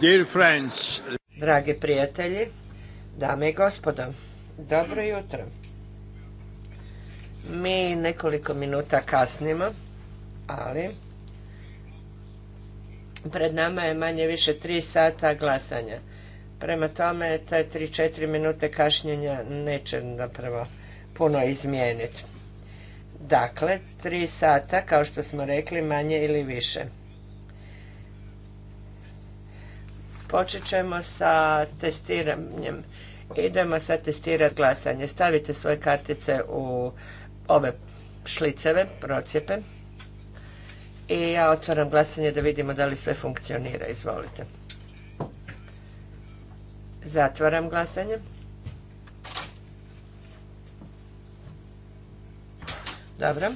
Dear Dragi prijatelji, dame i gospodo, dobro jutro. Mi nekoliko minuta kasnimo, ali pred nama je manje više tri sata glasanja. Prema tome, te tri, četiri minute kašnjenja neće zapravo puno izmijeniti. Dakle, tri sata, kao što smo rekli, manje ili više. Počet ćemo sa testiranjem. Idemo sad testirati glasanje. Stavite svoje kartice u ove šliceve, procijepe. I ja otvaram glasanje da vidimo da li sve funkcionira. Izvolite. Zatvaram glasanje. Dobro.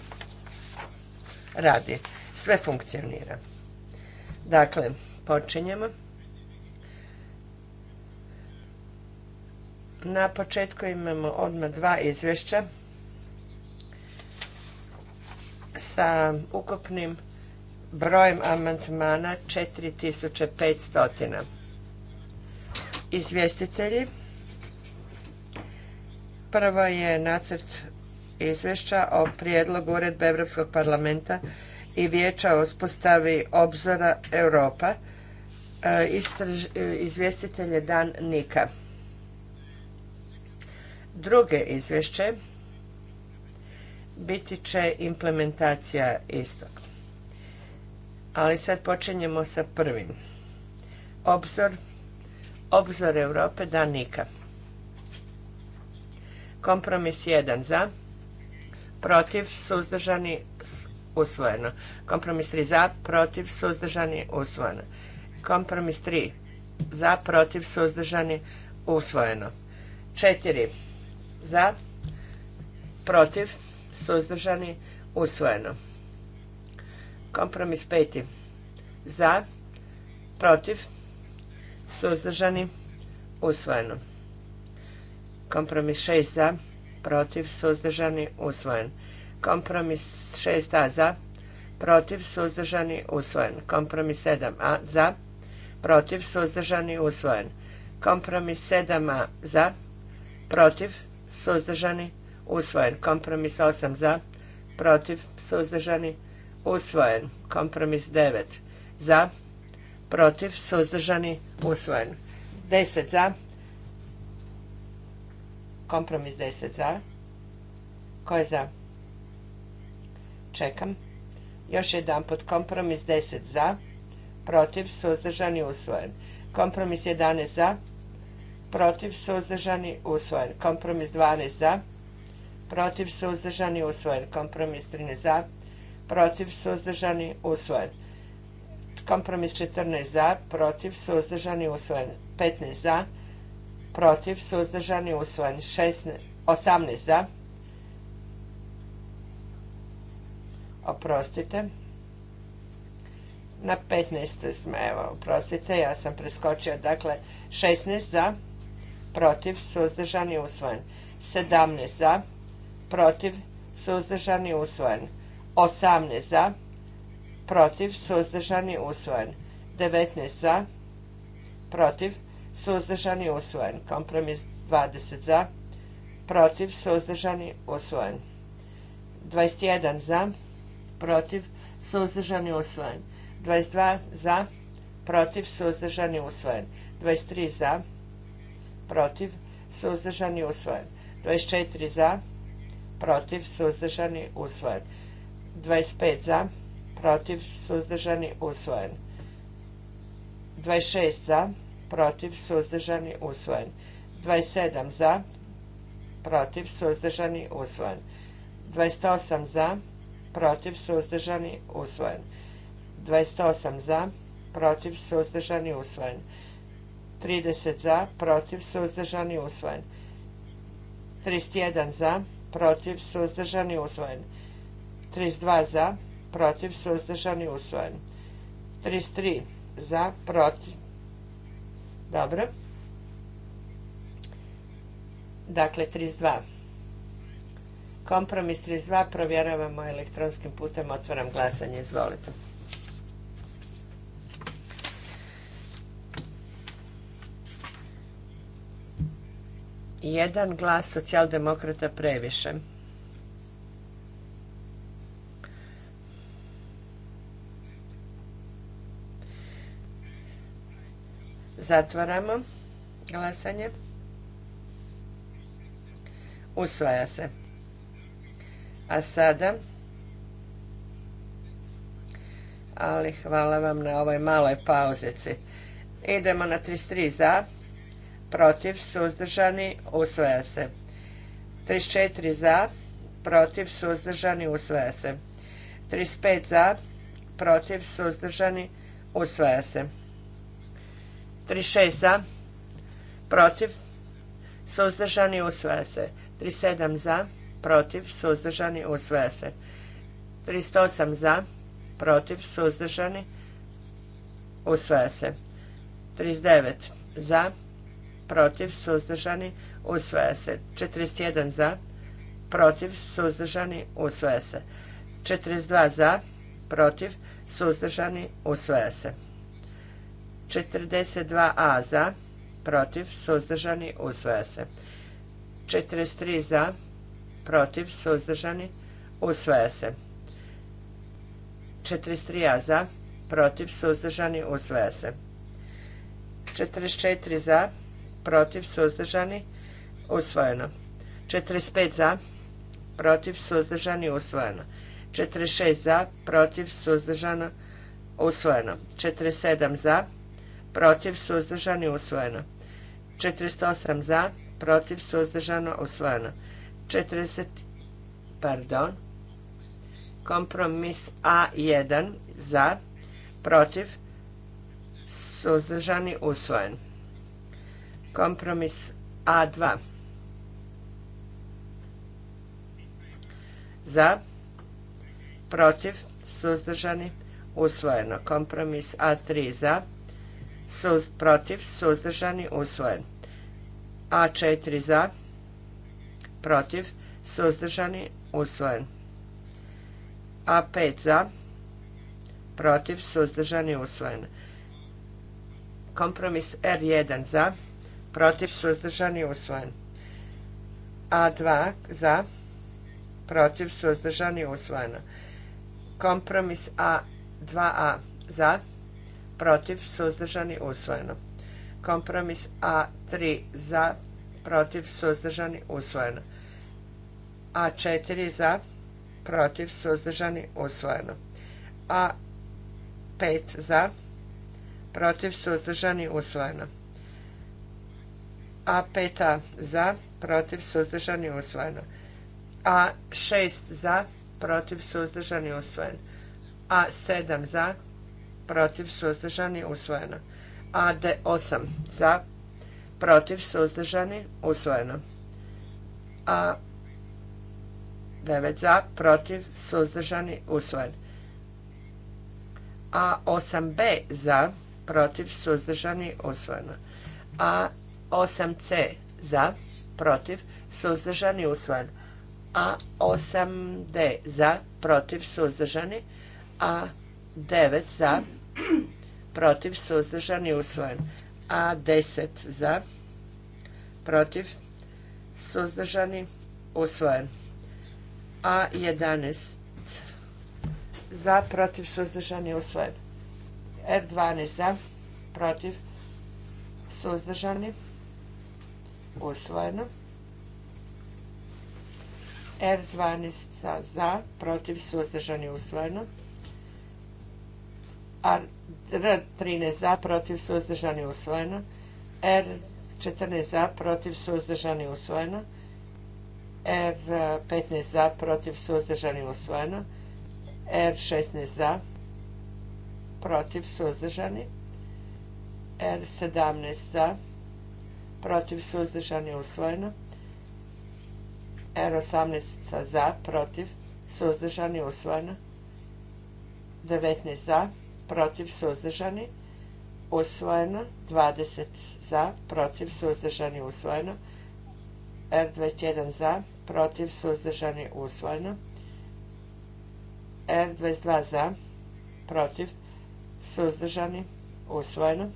Radi. Sve funkcionira. Dakle, počinjemo. Na početku imamo odmah dva izvješća sa ukupnim brojem amantmana 4500. Izvjestitelji. Prvo je nacrt izvješća o prijedlogu uredbe Europskog parlamenta i vijeća o uspostavi obzora Europa. E, izvjestitelj je Dan Nika druge izvješće biti će implementacija istog. Ali sad počinjemo sa prvim. Obzor, obzor Europe nika Kompromis 1 za, protiv, suzdržani, usvojeno. Kompromis 3 za, protiv, suzdržani, usvojeno. Kompromis 3 za, protiv, suzdržani, usvojeno. Četiri, za? Protiv? Suzdržani? Usvojeno. Kompromis peti. Za? Protiv? Suzdržani? Usvojeno. Kompromis šest za? Protiv? Suzdržani? Usvojen. Kompromis šest a za? Protiv? Suzdržani? Usvojen. Kompromis 7a za? Protiv? Suzdržani? Usvojen. Kompromis 7a za? Protiv? suzdržani, usvojen. Kompromis 8 za, protiv, suzdržani, usvojen. Kompromis 9 za, protiv, suzdržani, usvojen. 10 za, kompromis 10 za, ko je za? Čekam. Još jedan pod kompromis 10 za, protiv, suzdržani, usvojen. Kompromis 11 za, protiv, suzdržani, usvojen. Kompromis 12 za, protiv, suzdržani, usvojen. Kompromis 13 za, protiv, suzdržani, usvojen. Kompromis 14 za, protiv, suzdržani, usvojen. 15 za, protiv, suzdržani, usvojen. 18 za, oprostite. Na 15. smo, evo, oprostite, ja sam preskočio, dakle, 16 za, protiv, suzdržani, usvojen. 17 za, protiv, suzdržani, usvojen. 18 za, protiv, suzdržani, usvojen. 19 za, protiv, suzdržani, usvojen. Kompromis 20 za, protiv, suzdržani, usvojen. 21 za, protiv, suzdržani, usvojen. 22 za, protiv, suzdržani, usvojen. 23 za, protiv, suzdržani, usvojen. 24 za, protiv, suzdržani, usvojen. 25 za, protiv, suzdržani, usvojen. 26 za, protiv, suzdržani, usvojen. 27 za, protiv, suzdržani, usvojen. 28 za, protiv, suzdržani, usvojen. 28 za, protiv, suzdržani, usvojen. 30 za, protiv, i usvojen. 31 za, protiv, i usvojen. 32 za, protiv, i usvojen. 33 za, protiv. Dobro. Dakle, 32. Kompromis 32 provjeravamo elektronskim putem. Otvaram glasanje. Izvolite. jedan glas socijaldemokrata previše. Zatvaramo glasanje. Usvaja se. A sada, ali hvala vam na ovoj maloj pauzici. Idemo na 33 za, protiv, suzdržani, usvaja se. 34 za, protiv, suzdržani, usvaja se. 35 za, protiv, suzdržani, usvaja se. 36 za, protiv, suzdržani, usvaja se. 37 za, protiv, suzdržani, usvaja se. 38 za, protiv, suzdržani, usvaja se. 39 za, protiv, suzdržani, usvaja se. 41 za, protiv, suzdržani, usvaja se. 42 za, protiv, suzdržani, usvaja se. 42a za, protiv, suzdržani, usvaja se. 43 za, protiv, suzdržani, usvaja se. 43a za, protiv, suzdržani, usvaja se. 44 za, protiv, suzdržani, usvojeno. 45 za, protiv, suzdržani, usvojeno. 46 za, protiv, suzdržano, usvojeno. 47 za, protiv, suzdržani, usvojeno. 48 za, protiv, suzdržano, usvojeno. 40, pardon, kompromis A1 za, protiv, suzdržani, Usvojeno Kompromis A2. Za, protiv, suzdržani, usvojeno. Kompromis A3 za, protiv, suzdržani, usvojen. A4 za, protiv, suzdržani, usvojen. A5 za, protiv, suzdržani, usvojen. Kompromis R1 za, protiv, suzdržan suzdržani, usvojen. A2 za, protiv, suzdržan suzdržani, usvojeno. Kompromis A2A za, protiv, suzdržani, usvojeno. Kompromis A3 za, protiv, suzdržani, usvojen. A4 za, protiv, suzdržani, usvojen. A5 za, protiv, suzdržan suzdržani, usvojeno. A5 za, protiv, suzdržani, usvojeno. A6 za, protiv, suzdržani, usvojeno. A7 za, protiv, suzdržani, usvojeno. AD8 za, protiv, suzdržani, usvojeno. A9 za, protiv, suzdržani, usvojen. A8B za, protiv, suzdržani, usvojeno. a 6 za protiv suzdržani usvojeno a 7 za protiv suzdržani usvojeno de 8 za protiv suzdržani usvojeno a 9 za protiv suzdržani usvojen a 8 b za protiv suzdržani usvojeno a 8C za, protiv, suzdržani, usvojen. A 8D za, protiv, suzdržani. A 9 za, protiv, suzdržani, usvojen. A 10 za, protiv, suzdržani, usvojen. A 11 za, protiv, suzdržani, usvojen. R12 e za, protiv, suzdržani, usvojen usvojeno. R12 za, protiv, je usvojeno. R13 za, protiv, je usvojeno. R14 za, protiv, je usvojeno. R15 za, protiv, je usvojeno. R16 za, protiv, suzdržani. R17 za, protiv, suzdržani, usvojeno. R18 za, protiv, suzdržani, usvojeno. 19 za, protiv, suzdržani, usvojeno. 20 za, protiv, suzdržani, usvojeno. R21 za, protiv, suzdržani, usvojeno. R22 za, protiv, suzdržani, usvojeno.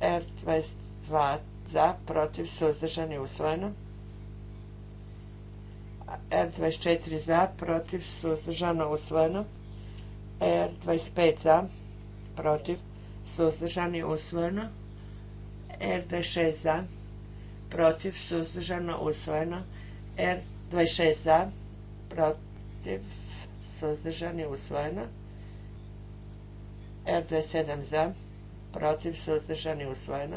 R23 2 za, protiv, suzdržani, usvojeno. R24 za, protiv, suzdržano, usvojeno. R25 za, protiv, suzdržani, usvojeno. R26 za, protiv, suzdržano, usvojeno. R26 za, protiv, suzdržani, usvojeno. R27 za, protiv, suzdržani, usvojeno.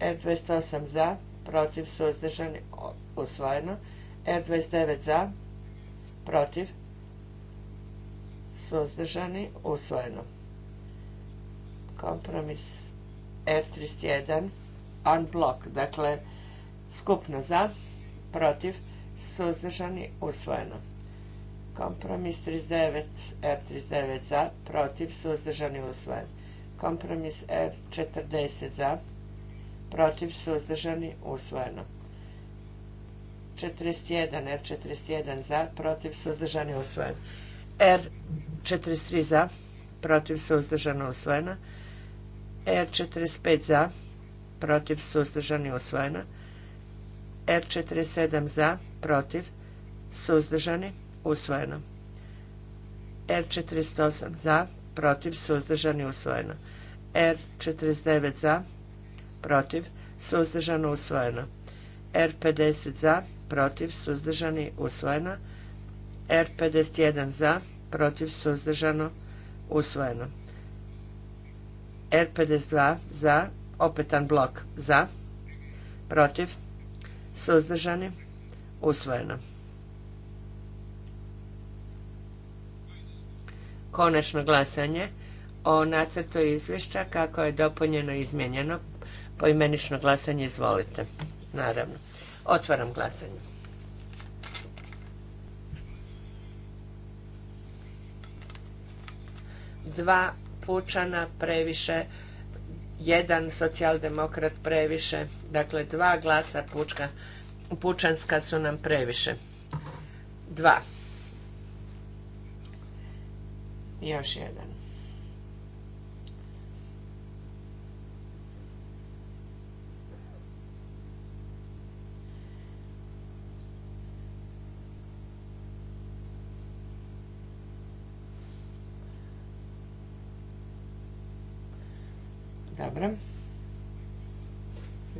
R28 za, protiv, suzdržani, usvojeno. R29 za, protiv, suzdržani, usvojeno. Kompromis R31, unblock. dakle skupno za, protiv, suzdržani, usvojeno. Kompromis 39, R39 za, protiv, suzdržani, usvojeno. Kompromis R40 za, protiv, suzdržani, usvojeno. 41, R41 za, protiv, suzdržani, usvojeno. R43 za, protiv, suzdržano, usvojeno. R45 za, protiv, suzdržani, usvojeno. R47 za, protiv, suzdržani, usvojeno. R48 za, protiv, suzdržani, usvojeno. R49 za, protiv, suzdržano, usvojeno. R50 za, protiv, suzdržani, usvojeno. R51 za, protiv, suzdržano, usvojeno. R52 za, opetan blok za, protiv, suzdržani, usvojeno. Konačno glasanje o nacrtu izvješća kako je dopunjeno i izmijenjeno Poimenično glasanje, izvolite. Naravno. Otvaram glasanje. Dva pučana previše, jedan socijaldemokrat previše, dakle dva glasa pučka, pučanska su nam previše. Dva. Još jedan. Dobro.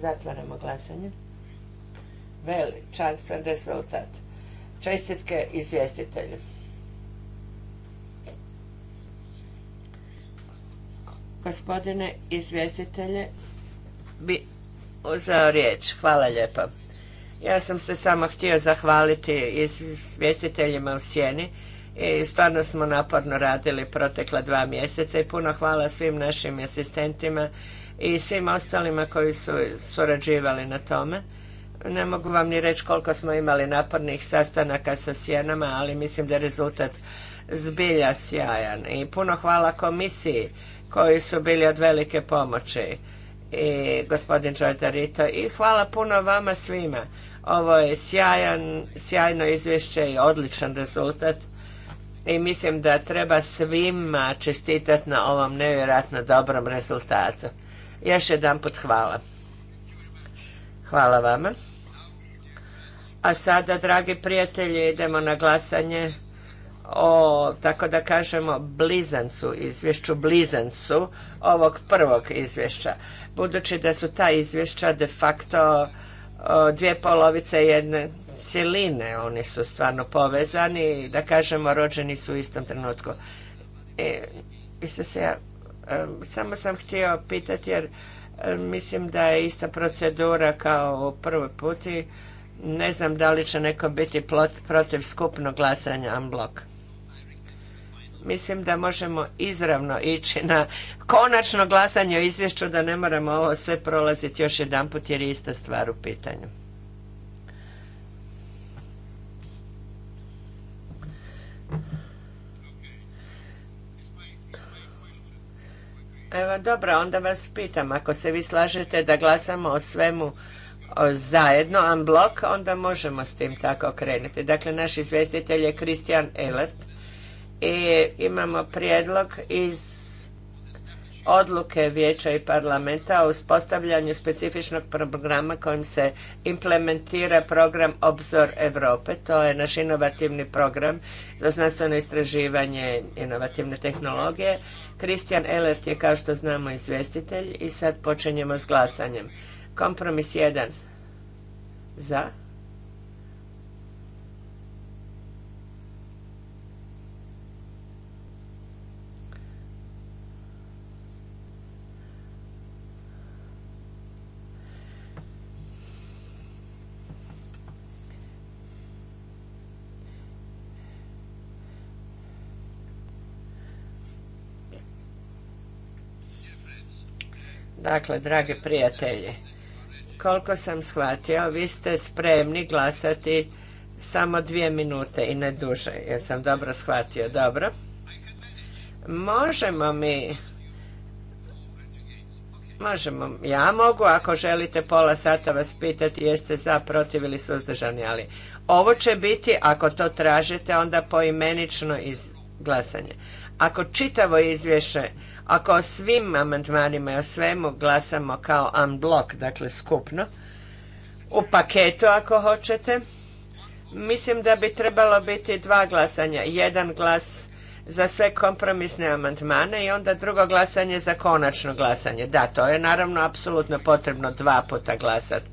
Zatvaramo glasanje. Veličanstven rezultat. Čestitke izvjestitelju. Gospodine izvjestitelje, bi uzeo riječ. Hvala lijepo. Ja sam se samo htio zahvaliti izvjestiteljima u Sjeni i stvarno smo naporno radili protekla dva mjeseca i puno hvala svim našim asistentima i svim ostalima koji su surađivali na tome. Ne mogu vam ni reći koliko smo imali napornih sastanaka sa sjenama, ali mislim da je rezultat zbilja sjajan. I puno hvala komisiji koji su bili od velike pomoći i gospodin Rito i hvala puno vama svima. Ovo je sjajan, sjajno izvješće i odličan rezultat i mislim da treba svima čestitati na ovom nevjerojatno dobrom rezultatu. Još jedan put hvala. Hvala vama. A sada, dragi prijatelji, idemo na glasanje o, tako da kažemo, blizancu, izvješću blizancu ovog prvog izvješća. Budući da su ta izvješća de facto dvije polovice jedne cjeline, oni su stvarno povezani, da kažemo rođeni su u istom trenutku. E, samo sam htio pitati jer mislim da je ista procedura kao u prvoj puti. Ne znam da li će neko biti protiv skupnog glasanja unblock. Mislim da možemo izravno ići na konačno glasanje o izvješću da ne moramo ovo sve prolaziti još jedan put jer je ista stvar u pitanju. Evo dobro, onda vas pitam, ako se vi slažete da glasamo o svemu zajedno, zajedno, blok, onda možemo s tim tako krenuti. Dakle, naš izvjestitelj je Kristijan Ehlert i imamo prijedlog iz odluke Vijeća i parlamenta o uspostavljanju specifičnog programa kojim se implementira program Obzor Europe. To je naš inovativni program za znanstveno istraživanje inovativne tehnologije Kristijan Elert je kao što znamo izvjestitelj i sad počinjemo s glasanjem. Kompromis 1 za, Dakle, dragi prijatelji, koliko sam shvatio, vi ste spremni glasati samo dvije minute i ne duže, jer sam dobro shvatio, dobro. Možemo mi... Možemo, ja mogu ako želite pola sata vas pitati jeste za, protiv ili suzdržani, ali ovo će biti, ako to tražite, onda poimenično iz glasanje. Ako čitavo izvješće ako o svim amandmanima i o svemu glasamo kao unblock, dakle skupno, u paketu ako hoćete, mislim da bi trebalo biti dva glasanja. Jedan glas za sve kompromisne amandmane i onda drugo glasanje za konačno glasanje. Da, to je naravno apsolutno potrebno dva puta glasati.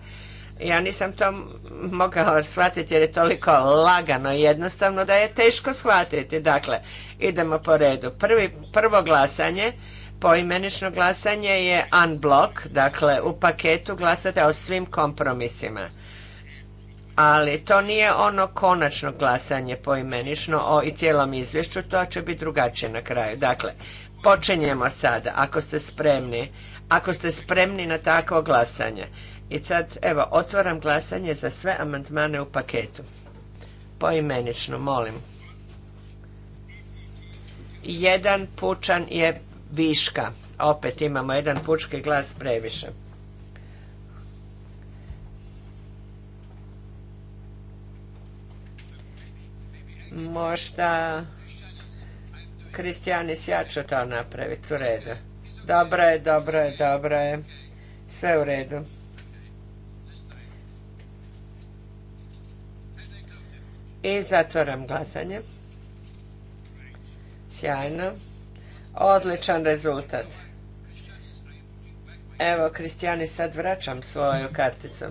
Ja nisam to mogao shvatiti jer je toliko lagano i jednostavno da je teško shvatiti. Dakle, idemo po redu. Prvi, prvo glasanje, poimenično glasanje je unblock, dakle u paketu glasate o svim kompromisima. Ali to nije ono konačno glasanje poimenično o i cijelom izvješću, to će biti drugačije na kraju. Dakle, počinjemo sada, ako ste spremni, ako ste spremni na takvo glasanje. I sad, evo, otvaram glasanje za sve amandmane u paketu. Poimenično, molim. Jedan pučan je viška. Opet imamo jedan pučki glas previše. Možda Kristijanis ja ću to napraviti u redu. Dobro je, dobro je, dobro je. Sve u redu. I zatvaram glasanje. Sjajno. Odličan rezultat. Evo, Kristijani, sad vraćam svoju karticu.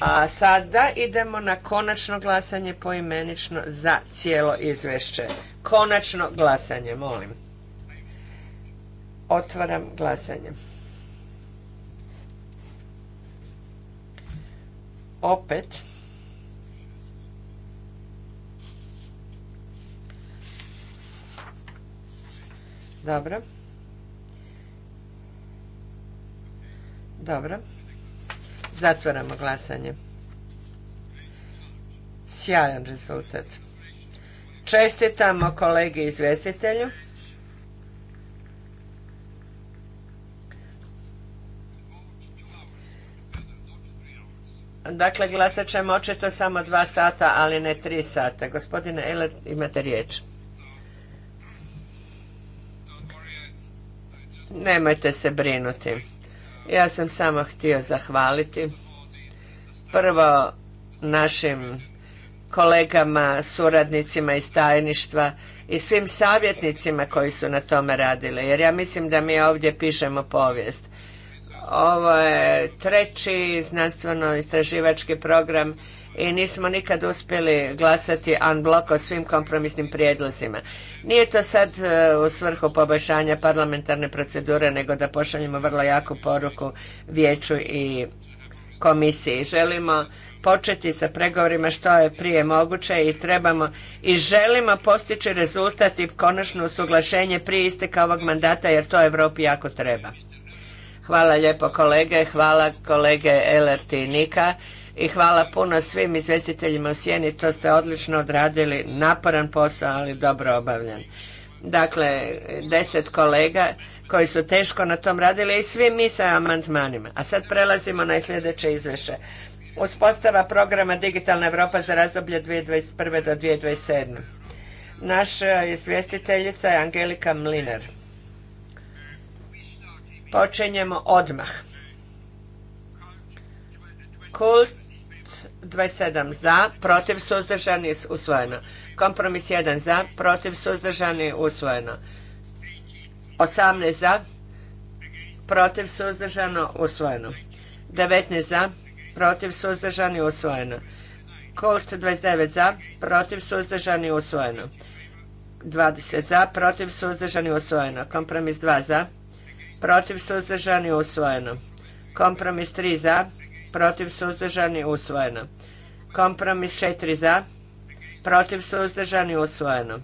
A sada idemo na konačno glasanje poimenično za cijelo izvešće. Konačno glasanje, molim. Otvaram glasanje. Opet. Dobro. Dobro. Zatvoramo glasanje. Sjajan rezultat. Čestitamo kolegi izvjestitelju. Dakle, glasat ćemo očito samo dva sata, ali ne tri sata. Gospodine Eler, imate riječ. Nemojte se brinuti. Ja sam samo htio zahvaliti prvo našim kolegama, suradnicima iz tajništva i svim savjetnicima koji su na tome radili, jer ja mislim da mi ovdje pišemo povijest. Ovo je treći znanstveno-istraživački program i nismo nikad uspjeli glasati blok o svim kompromisnim prijedlozima. Nije to sad e, u svrhu poboljšanja parlamentarne procedure, nego da pošaljemo vrlo jaku poruku vijeću i komisiji. Želimo početi sa pregovorima što je prije moguće i trebamo i želimo postići rezultat i konačno usuglašenje prije isteka ovog mandata jer to Europi jako treba. Hvala lijepo kolege, hvala kolege lrt Nika i hvala puno svim izvjestiteljima u Sjeni, to ste odlično odradili, naporan posao, ali dobro obavljan. Dakle, deset kolega koji su teško na tom radili i svi mi sa amantmanima. A sad prelazimo na sljedeće izvješće. Uspostava programa Digitalna Europa za razdoblje 2021. do 2027. Naša izvjestiteljica je Angelika Mlinar. Počinjemo odmah. Kult 27 za, protiv suzdržani usvojeno. Kompromis 1 za, protiv suzdržani usvojeno. 18 za, protiv suzdržano usvojeno. 19 za, protiv suzdržani usvojeno. Kult 29 za, protiv suzdržani usvojeno. 20 za, protiv suzdržani usvojeno. Kompromis 2 za, protiv suzdržani usvojeno. Kompromis 3 za, protiv suzdržani usvojeno. Kompromis 4 za, protiv suzdržani usvojeno.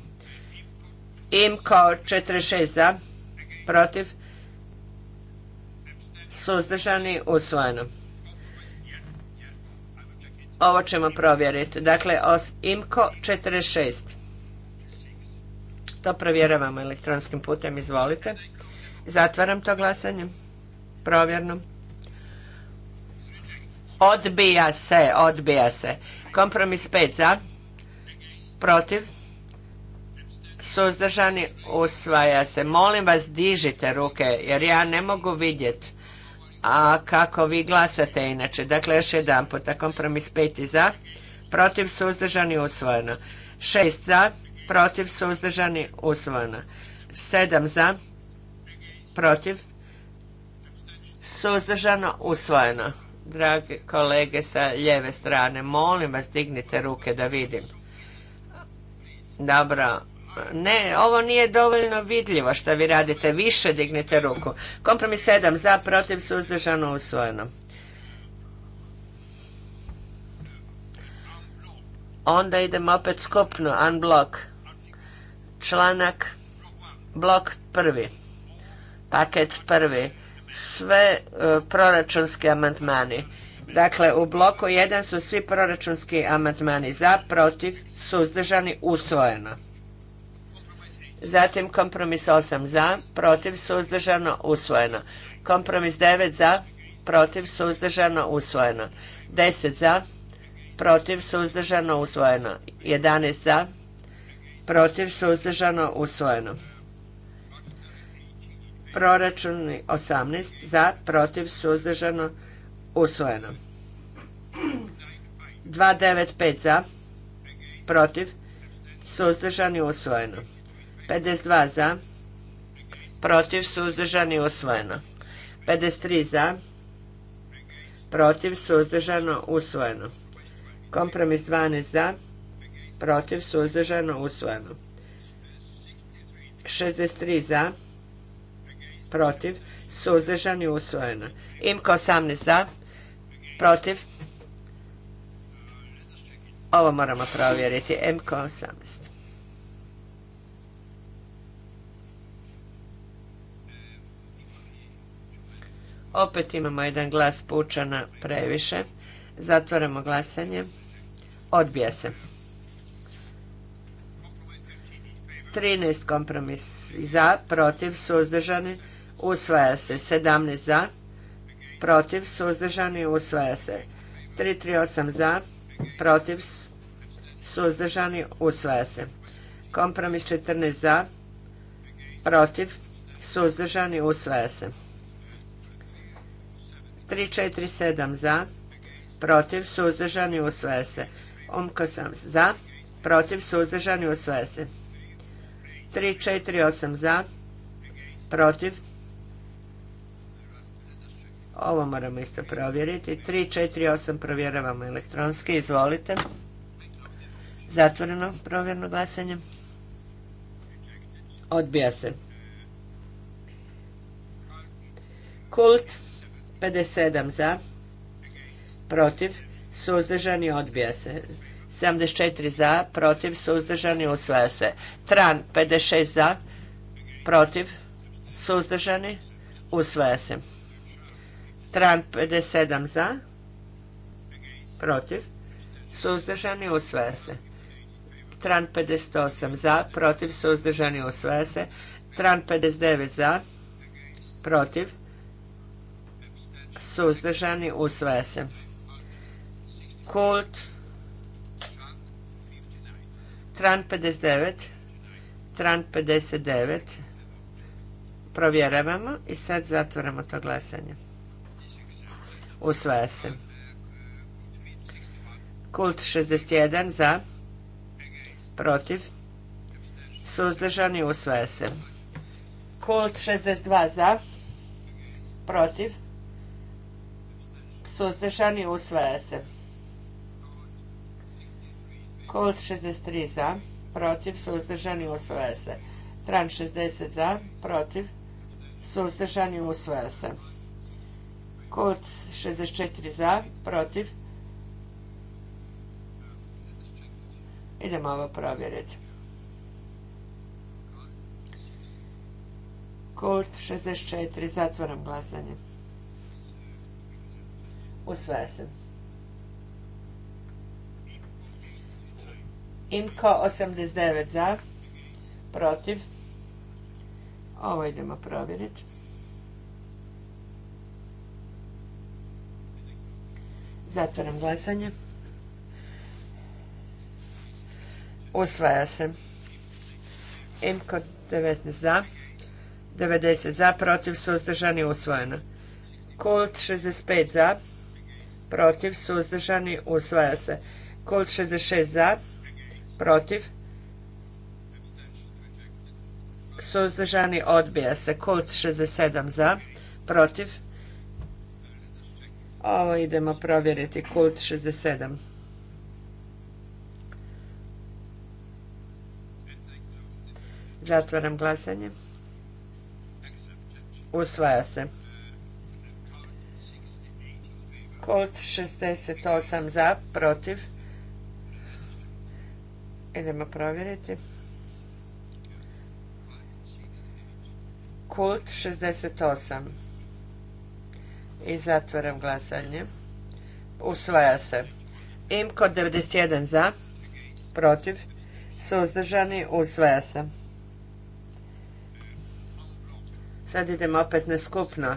IMCO 46 za, protiv suzdržani usvojeno. Ovo ćemo provjeriti. Dakle, IMCO 46. To provjeravamo elektronskim putem. Izvolite. Zatvaram to glasanje. Provjerno. Odbija se, odbija se. Kompromis 5 za, protiv, suzdržani, usvaja se. Molim vas, dižite ruke, jer ja ne mogu vidjeti a kako vi glasate inače. Dakle, još jedan puta, kompromis 5 za, protiv, suzdržani, usvojeno. 6 za, protiv, suzdržani, usvojeno. 7 za, protiv, suzdržano, usvojeno. Dragi kolege sa lijeve strane. Molim vas, dignite ruke da vidim. Dobro. Ne, ovo nije dovoljno vidljivo što vi radite. Više dignite ruku. Kompromis 7 za, protiv, suzdržano, usvojeno. Onda idemo opet skupno, unblock. Članak, blok prvi. Paket prvi sve e, proračunski amantmani. Dakle, u bloku 1 su svi proračunski amandmani za, protiv, suzdržani, usvojeno. Zatim kompromis 8 za, protiv, suzdržano, usvojeno. Kompromis 9 za, protiv, suzdržano, usvojeno. 10 za, protiv, suzdržano, usvojeno. 11 za, protiv, suzdržano, usvojeno proračun 18 za, protiv, suzdržano, usvojeno. 295 za, protiv, suzdržani, usvojeno. 52 za, protiv, suzdržani, usvojeno. 53 za, protiv, suzdržano, usvojeno. Kompromis 12 za, protiv, suzdržano, usvojeno. 63 za, protiv, suzdržani, usvojena. Imko 18 za, protiv. Ovo moramo provjeriti. mk 18. Opet imamo jedan glas pučana previše. Zatvoramo glasanje. Odbija se. 13 kompromis za, protiv, suzdržani, usvaja se. 17 za, protiv, suzdržani, usvaja se. 338 za, protiv, suzdržani, usvaja se. Kompromis 14 za, protiv, suzdržani, usvaja se. 347 za, protiv, suzdržani, usvaja se. Omko sam za, protiv, suzdržani, usvaja se. 348 za, protiv, ovo moramo isto provjeriti. 3, 8 provjeravamo elektronski. Izvolite. Zatvoreno provjerno glasanje. Odbija se. Kult 57 za. Protiv. Suzdržani odbija se. 74 za. Protiv. Suzdržani usvaja se. Tran 56 za. Protiv. Suzdržani usvaja se. Tran 57 za, protiv, suzdržani, usvaja se. Tran 58 za, protiv, suzdržani, usvaja se. Tran 59 za, protiv, suzdržani, usvaja se. Kult, Tran 59, Tran 59, provjeravamo i sad zatvoramo to glasanje. Usvaja se. Kult 61 za. Protiv. Suzdržani. Usvaja se. Kult 62 za. Protiv. Suzdržani. Usvaja se. Kult 63 za. Protiv. Suzdržani. Usvaja se. Tran 60 za. Protiv. Suzdržani. Usvaja se. Kod 64 za, protiv. Idemo ovo provjeriti. Kult 64. Zatvoram glasanje. Usvaja se. Imko 89 za. Protiv. Ovo idemo provjeriti. Zatvaram glasanje. Usvaja se. Imko, 19 za, 90 za, protiv, suzdržani, usvojeno. Kult 65 za, protiv, suzdržani, usvaja se. Kult 66 za, protiv, suzdržani, odbija se. Kult 67 za, protiv, ovo idemo provjeriti, kult 67. Zatvaram glasanje. Usvaja se. Kult 68 za, protiv. Idemo provjeriti. Kult 68. I zatvaram glasanje. Usvaja se. Imko 91 za, protiv, suzdržani, usvaja se. Sad idemo opet na skupno.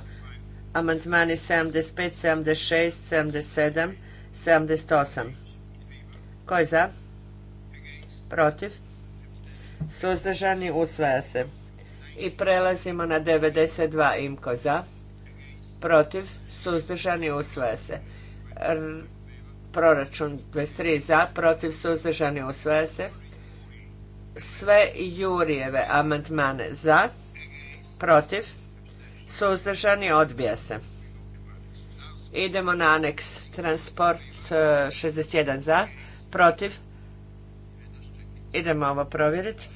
Amandmani 75, 76, 77, 78. Ko je za? Protiv? Suzdržani usvaja se. I prelazimo na 92 imko za protiv, suzdržani, usvaja se. proračun 23 za, protiv, suzdržani, usvaja se. Sve Jurijeve amandmane za, protiv, suzdržani, odbija se. Idemo na aneks transport 61 e, za, protiv. Idemo ovo provjeriti.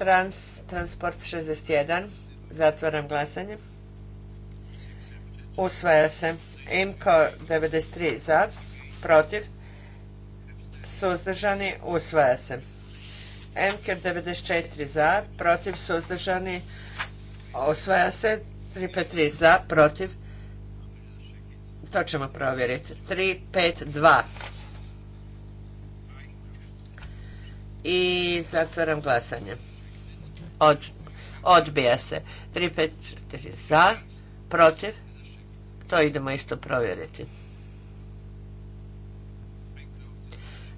Trans, transport 61. Zatvaram glasanje. Usvaja se. Imko 93 za, protiv, suzdržani, usvaja se. MK 94 za, protiv, suzdržani, usvaja se. 353 za, protiv, to ćemo provjeriti. 352. I zatvaram glasanje odbija se. 354 za, protiv. To idemo isto provjeriti.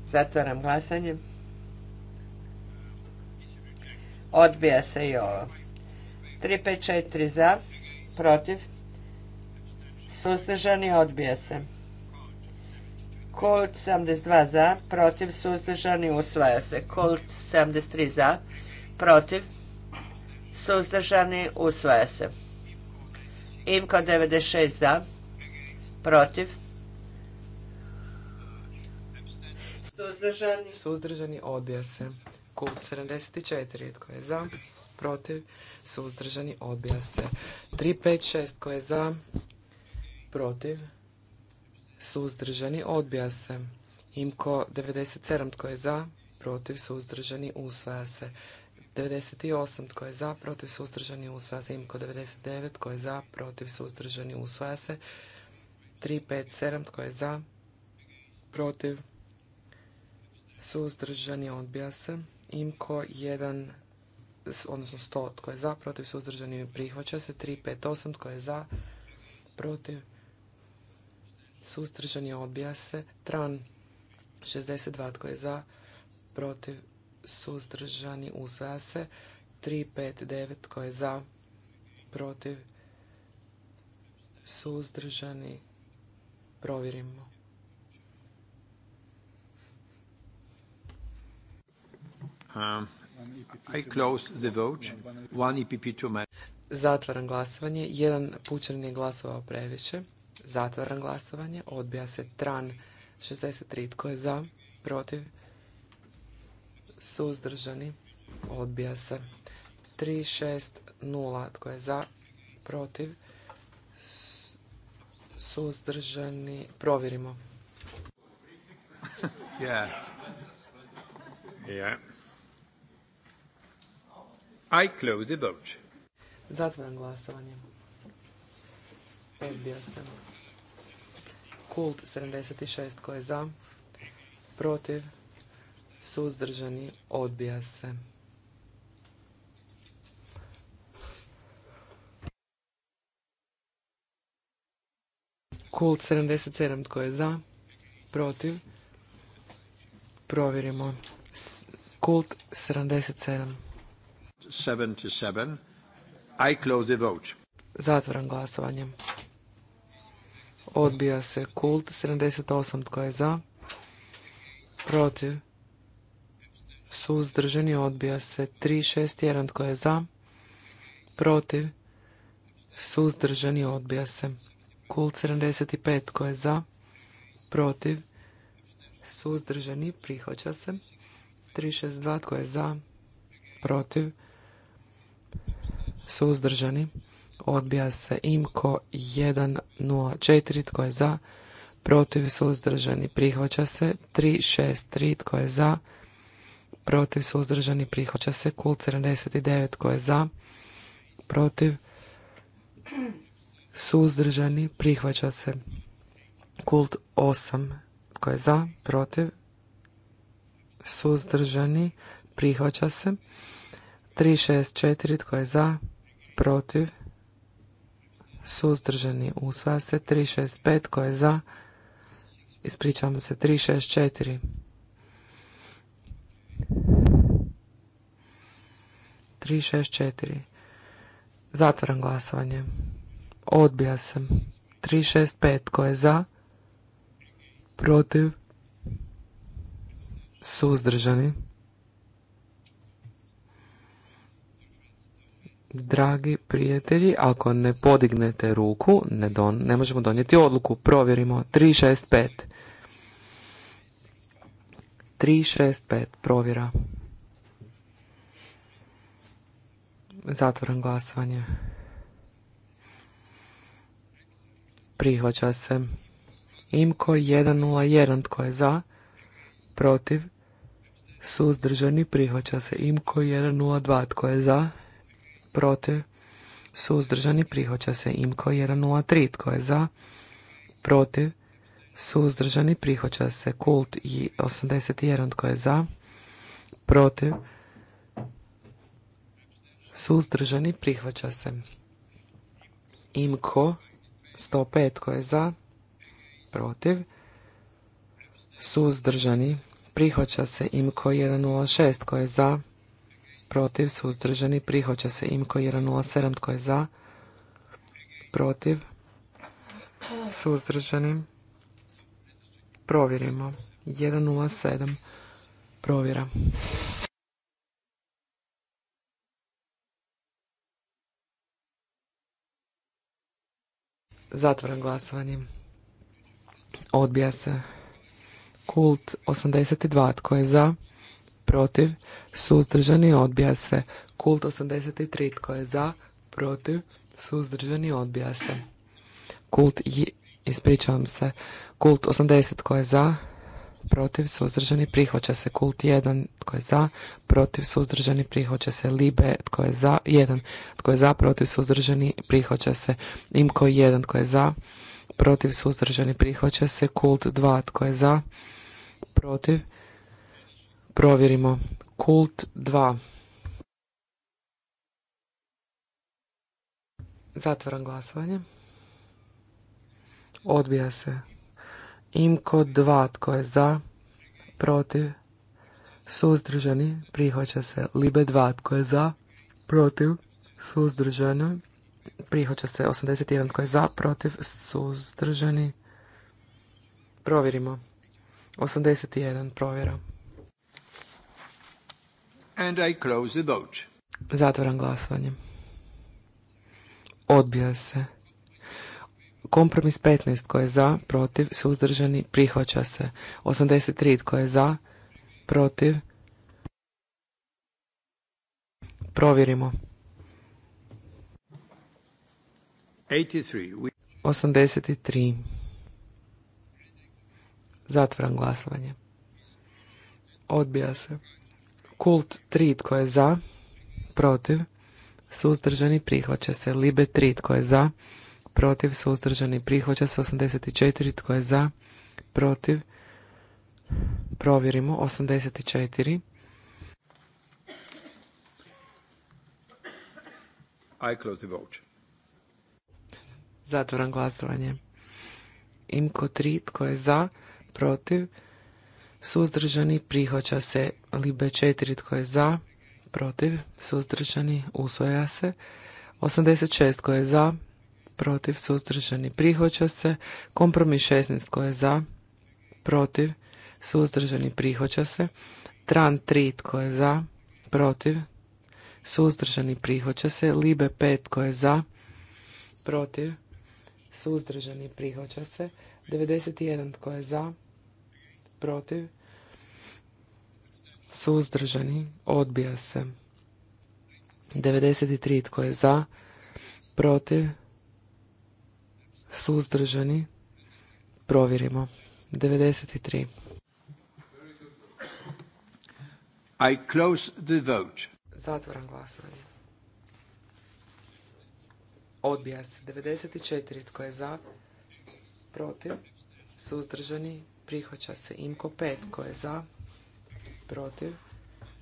Zatvaram glasanje. Odbija se i ovo. 354 za, protiv. Suzdržani odbija se. Kult 72 za, protiv, suzdržani usvaja se. Kult 73 za, protiv, Suzdržani usvaja se. Imko 96 za. Protiv. Suzdržani. Suzdržani odbija se. Kult 74. Tko je za? Protiv. Suzdržani odbija se. 356. Tko je za? Protiv. Suzdržani odbija se. Imko 97. Tko je za? Protiv. Suzdržani usvaja se. 98 tko je za, protiv, suzdržani, usvaja se. Imko 99 tko je za, protiv, suzdržani, usvaja se. 357 tko je za, protiv, suzdržani, odbija se. Imko 1 odnosno 100 tko je za, protiv, suzdržani, prihvaća se. 358 tko je za, protiv, suzdržani, odbija se. Tran 62 tko je za, protiv, suzdržani, usvaja se. 359 tko je za, protiv, suzdržani, provjerimo. Um, e Zatvaram glasovanje. Jedan pućan je glasovao previše. Zatvaram glasovanje. Odbija se tran 63. Tko je za? Protiv? suzdržani, odbija se. 360 tko je za, protiv, suzdržani, provjerimo. Yeah. I close the vote. Zatvaram glasovanje. Odbija se. Kult 76 tko je za, protiv, suzdržani, odbija se. Kult 77, tko je za, protiv, provjerimo. Kult 77. 77. I close the vote. Zatvaram glasovanje. Odbija se kult 78. Tko je za? Protiv? suzdržani, odbija se. 361 tko je za, protiv, suzdržani, odbija se. Kul 75 tko je za, protiv, suzdržani, prihvaća se. 362 tko je za, protiv, suzdržani, odbija se. Imko 104 tko je za, protiv, suzdržani, prihvaća se. 363 tko je za, protiv, protiv, suzdržani, prihvaća se. Kult 79 tko je za, protiv, suzdržani, prihvaća se. Kult 8 tko je za, protiv, suzdržani, prihvaća se. 364 tko je za, protiv, suzdržani, usvaja se. 365 tko je za, ispričavam se, 364 364. Zatvaram glasovanje. Odbija se. 365. koje je za? Protiv? Suzdržani? Dragi prijatelji, ako ne podignete ruku, ne, don, ne možemo donijeti odluku. Provjerimo. 365. 365 provjera. Zatvoran glasovanje. Prihvaća se. Imko 101 tko je za, protiv, suzdržani, prihvaća se. Imko 102 tko je za, protiv, suzdržani, prihvaća se. Imko 103 tko je za, protiv, suzdržani, prihvaća se kult i 81 tko je za, protiv, suzdržani, prihvaća se imko 105 tko je za, protiv, suzdržani, prihvaća se imko 106 tko je za, protiv, suzdržani, prihvaća se imko 107 tko je za, protiv, suzdržani, Provjerimo. 107. Provjera. Zatvoram glasovanje. Odbija se. Kult 82. Tko je za? Protiv. Suzdržani odbija se. Kult 83. Tko je za? Protiv. Suzdržani odbija se. Kult ispričavam se, kult 80 tko je za, protiv, suzdržani, prihvaća se kult 1 tko je za, protiv, suzdržani, prihvaća se libe tko je za, jedan tko je za, protiv, suzdržani, prihvaća se imko 1 tko je za, protiv, suzdržani, prihvaća se kult 2 tko je za, protiv, provjerimo kult 2. Zatvaram glasovanje odbija se. Imko 2, tko je za, protiv, suzdržani, prihvaća se. Libe dva tko je za, protiv, suzdržani, prihvaća se. 81, tko je za, protiv, suzdržani, provjerimo. 81, provjera. And I close vote. Zatvoram glasovanje. Odbija se. Kompromis 15 koje je za, protiv, suzdržani, prihvaća se. 83 tko je za, protiv, provjerimo. 83. Zatvaram glasovanje. Odbija se. Kult 3 tko je za, protiv, suzdržani, prihvaća se. Libe 3 tko je za, protiv protiv, suzdržani, prihvaća se 84, tko je za, protiv, provjerimo 84. I close the vote. Zatvoran glasovanje. Imko 3, tko je za, protiv, suzdržani, prihvaća se Libe 4, tko je za, protiv, suzdržani, usvoja se. 86 tko je za, protiv, suzdržani, prihvaća se. Kompromis 16 tko je za, protiv, suzdržani, prihvaća se. Tran 3 tko je za, protiv, suzdržani, prihvaća se. Libe 5 tko je za, protiv, suzdržani, prihvaća se. 91 tko je za, protiv, suzdržani, odbija se. 93 tko je za, protiv, suzdržani, provjerimo. 93. I close the vote. Zatvoram glasovanje. Odbija se 94. Tko je za? Protiv? Suzdržani? Prihvaća se Imko 5. Tko je za? Protiv?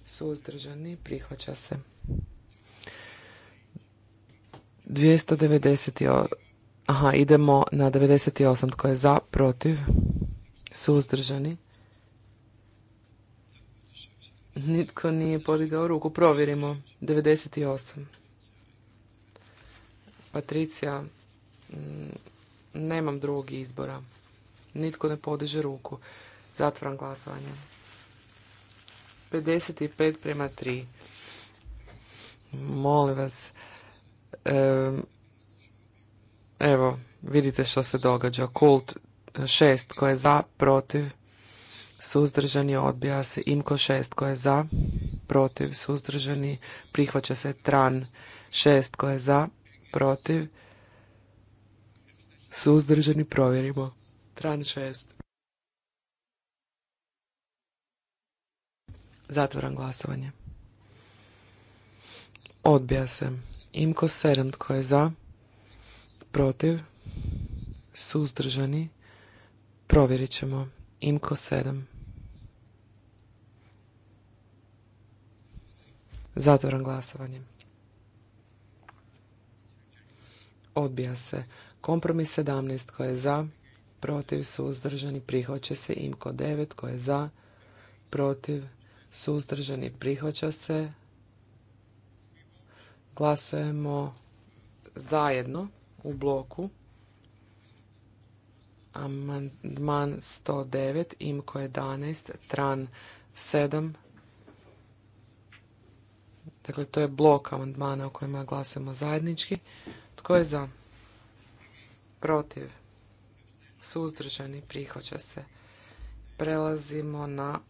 Suzdržani? Prihvaća se. 298. Aha, idemo na 98. Tko je za, protiv, suzdržani. Nitko nije podigao ruku. Provjerimo. 98. Patricija, mm, nemam drugog izbora. Nitko ne podiže ruku. Zatvoram glasovanje. 55 prema 3. Molim vas. Evo, vidite što se događa. Kult šest koje je za, protiv, suzdržani, odbija se. Imko šest koje je za, protiv, suzdržani, prihvaća se. Tran šest koje je za, protiv, suzdržani, provjerimo. Tran šest. Zatvaram glasovanje. Odbija se. Imko 7 tko je za, protiv, suzdržani, provjerit ćemo. Imko 7. Zatvaram glasovanje. Odbija se. Kompromis 17 koje je za, protiv, suzdržani, prihvaća se. Imko 9 koje je za, protiv, suzdržani, prihvaća se. Glasujemo zajedno u bloku. Amandman 109, imko 11, tran 7. Dakle, to je blok amandmana o kojima glasujemo zajednički. Tko je za? Protiv? Suzdržani? Prihvaća se. Prelazimo na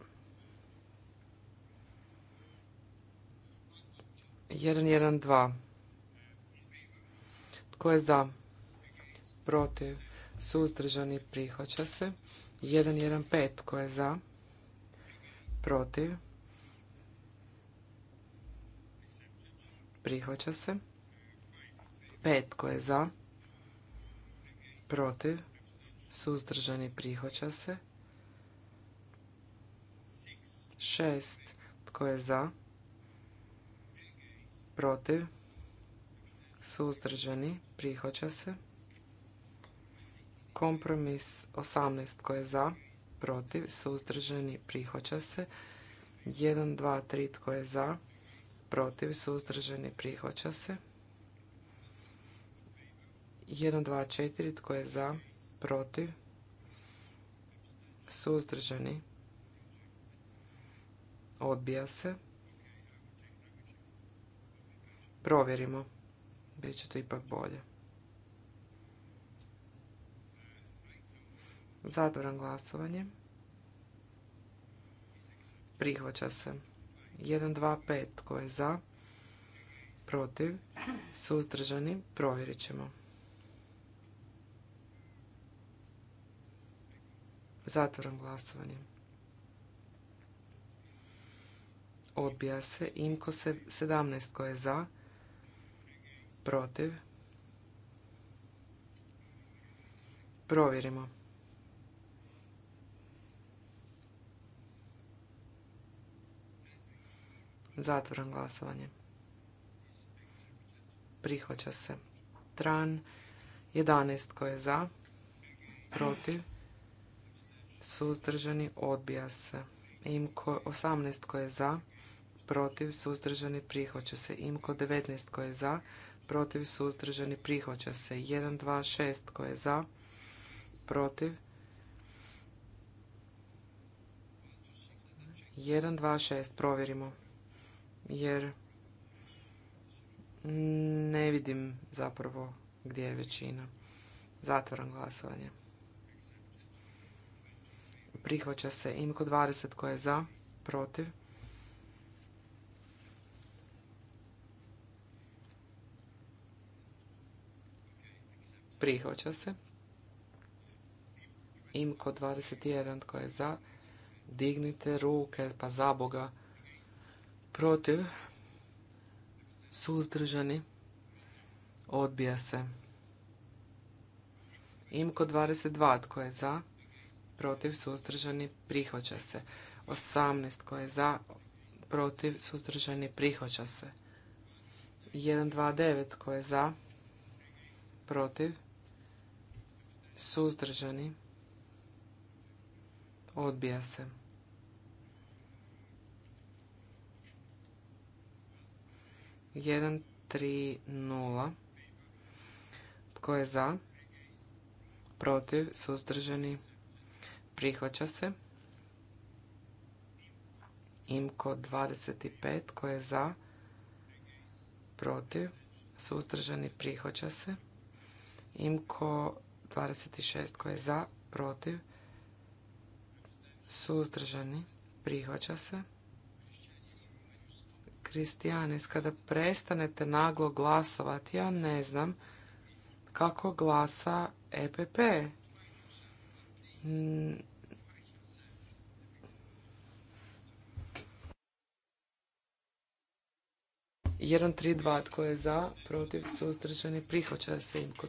112. Tko je za? Protiv? Suzdržani? Prihvaća se. 115. Tko je za? Protiv? Prihvaća se. 5. Tko je za? Protiv? Suzdržani? Prihvaća se. 6. Tko je za? Protiv? suzdržani, prihvaća se. Kompromis 18 tko je za, protiv, suzdržani, prihvaća se. 1, 2, 3 tko je za, protiv, suzdržani, prihvaća se. 1, 2, 4 tko je za, protiv, suzdržani, odbija se. Provjerimo bit će to ipak bolje. Zatvaram glasovanje. Prihvaća se. 1, 2, 5. Tko je za? Protiv? Suzdržani? Provjerit ćemo. Zatvoram glasovanje. Odbija se. Imko 17. Tko je za? protiv. Provjerimo. Zatvoram glasovanje. Prihvaća se. Tran 11 koje je za, protiv, suzdržani, odbija se. Imko 18 koje je za, protiv, suzdržani, prihvaća se. Imko 19 koje je za, protiv, suzdržani, prihvaća se. 1, 2, 6 koje je za, protiv. 1, 2, 6 provjerimo jer ne vidim zapravo gdje je većina. Zatvoram glasovanje. Prihvaća se imko 20 koje je za, protiv. prihvaća se. Imko 21 tko je za, dignite ruke, pa za Boga. Protiv, suzdržani, odbija se. Imko 22 tko je za, protiv, suzdržani, prihvaća se. 18 tko je za, protiv, suzdržani, prihvaća se. 129 tko je za, protiv, suzdržani, odbija se. Jedan, tri, nula. Tko je za? Protiv, suzdržani, prihvaća se. Imko 25, tko je za? Protiv, suzdržani, prihvaća se. Imko 26 koje je za, protiv, suzdržani, prihvaća se. Kristijanis, kada prestanete naglo glasovati, ja ne znam kako glasa EPP. Jedan, tri, tko je za, protiv, suzdržani, prihvaća se imko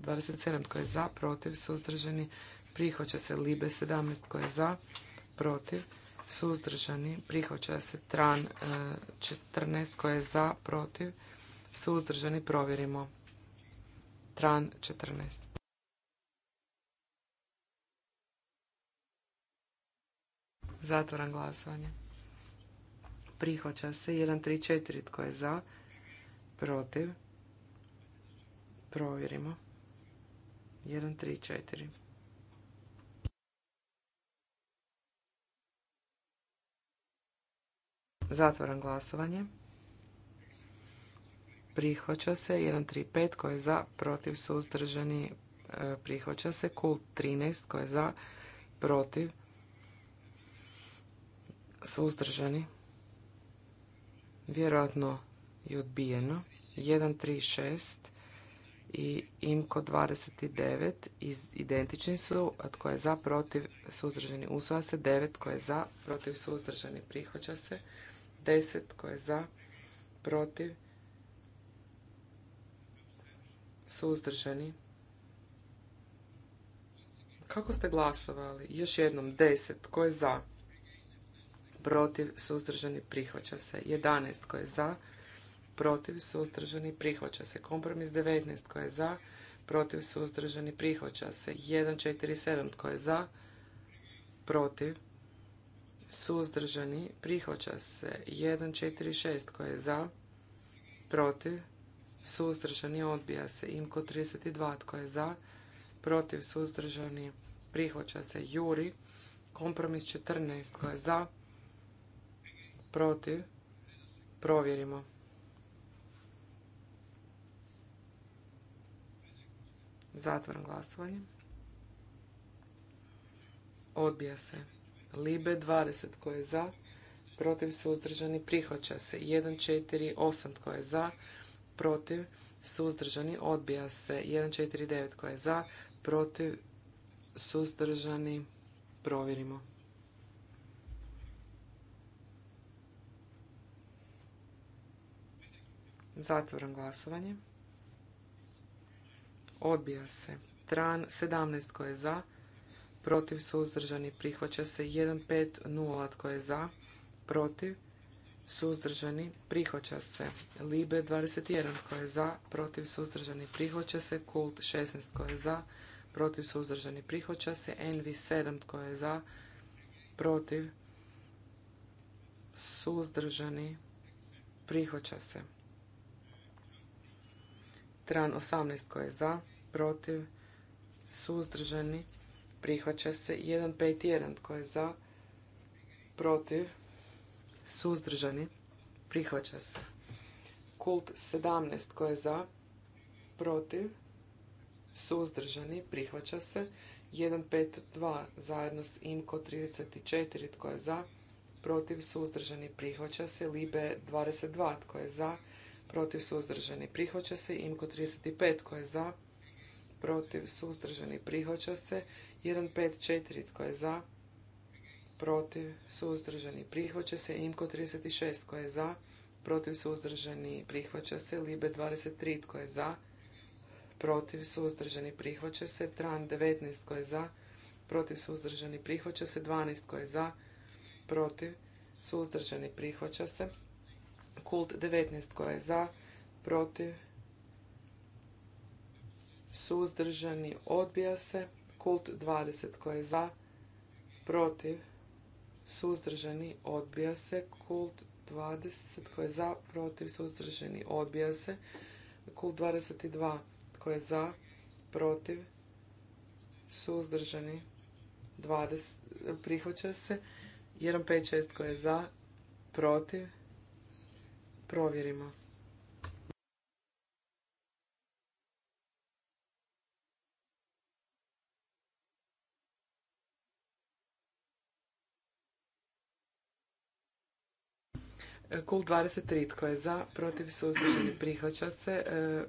27 tko je za, protiv, suzdržani, prihvaća se Libe 17 tko je za, protiv, suzdržani, prihvaća se Tran 14 e, tko je za, protiv, suzdržani, provjerimo. Tran 14. Zatvoran glasovanje. Prihvaća se 134 tko je za, protiv, provjerimo. 1, 3, 4. Zatvaram glasovanje. Prihvaća se 135 koje je za, protiv suzdržani. E, prihvaća se kult 13 koje je za, protiv suzdržani. Vjerojatno je odbijeno. 136 i IMCO 29 identični su, a tko je za, protiv, suzdržani, usvaja se, 9 tko je za, protiv, suzdržani, prihvaća se, 10 tko je za, protiv, suzdržani. Kako ste glasovali? Još jednom, 10 tko je za, protiv, suzdržani, prihvaća se, 11 tko je za, protiv, suzdržani, prihvaća se. Kompromis 19 tko je za, protiv, suzdržani, prihvaća se. 147 tko je za, protiv, suzdržani, prihvaća se. 146 tko je za, protiv, suzdržani, odbija se. Imko 32 tko je za, protiv, suzdržani, prihvaća se. Juri, kompromis 14 tko je za, protiv, provjerimo. Zatvaram glasovanje. Odbija se. Libe 20 koje je za, protiv suzdržani prihvaća se. 1, 4, 8 tko je za, protiv suzdržani odbija se. 1, 4, 9 koje je za, protiv suzdržani provjerimo. Zatvaram glasovanje odbija se. Tran 17 tko je za, protiv suzdržani prihvaća se 150 tko je za, protiv suzdržani prihvaća se. Libe 21 tko je za, protiv suzdržani prihvaća se. Kult 16 tko je za, protiv suzdržani prihvaća se. NV 7 tko je za, protiv suzdržani prihvaća se. Tran 18 koji je za, protiv, suzdržani, prihvaća se. 151 koji je za, protiv, suzdržani, prihvaća se. Kult 17 koji je za, protiv, suzdržani, prihvaća se. 152 zajedno s IMKO 34 tko je za, protiv, suzdržani, prihvaća se. Libe 22 tko je za, protiv suzdržani prihvaća se, imko 35 tko je za, protiv suzdržani prihvaća se, 154 tko je za, protiv suzdržani prihvaća se, imko 36 tko je za, protiv suzdržani prihvaća se, libe 23 tko je za, protiv suzdržani prihvaća se, tran 19 tko je za, protiv suzdržani prihvaća se, 12 tko je za, protiv suzdržani prihvaća se, Kult 19 koja je za, protiv, suzdržani, odbija se. Kult 20 koja je za, protiv, suzdržani, odbija se. Kult 20 koji je za, protiv, suzdržani, odbija se. Kult 22 koja je za, protiv, suzdržani, 20, prihvaća se. 156 koja je za, protiv, Provjerimo. Kul 23, tko je za, protiv suzdržani prihvaća se. E,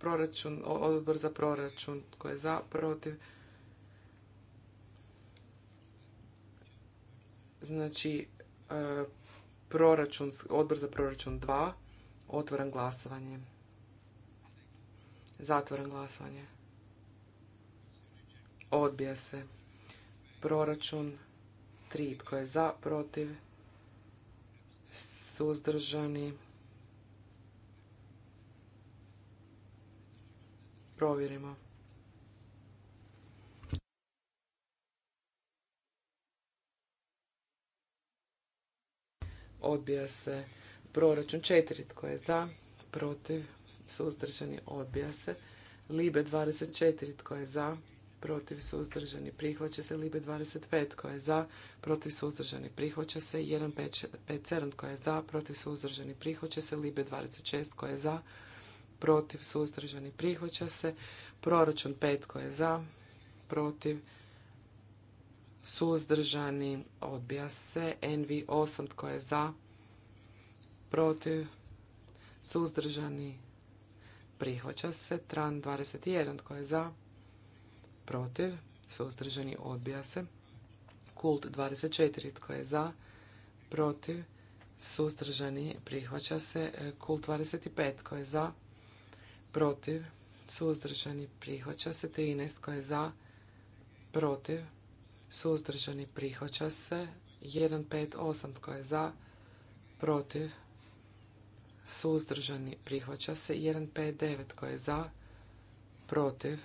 proračun, odbor za proračun, tko je za, protiv. Znači, e, Proračun, odbor za proračun 2. Otvoren glasovanje. Zatvoren glasovanje. Odbija se. Proračun 3. Tko je za, protiv, suzdržani. Provjerimo. odbija se. Proračun 4 tko je za, protiv, suzdržani, odbija se. Libe 24 tko je za, protiv, suzdržani, prihvaća se. Libe 25 tko je za, protiv, suzdržani, prihvaća se. 157 tko je za, protiv, suzdržani, prihvaća se. Libe 26 tko je za, protiv, suzdržani, prihvaća se. Proračun 5 tko je za, protiv, suzdržani, odbija se. NV8 tko je za, protiv, suzdržani, prihvaća se. Tran 21 tko je za, protiv, suzdržani, odbija se. Kult 24 tko je za, protiv, suzdržani, prihvaća se. E, kult 25 tko je za, protiv, suzdržani, prihvaća se. 13 tko je za, protiv, suzdržani, prihvaća se. 158 tko je za, protiv, suzdržani, prihvaća se. 159 tko je za, protiv,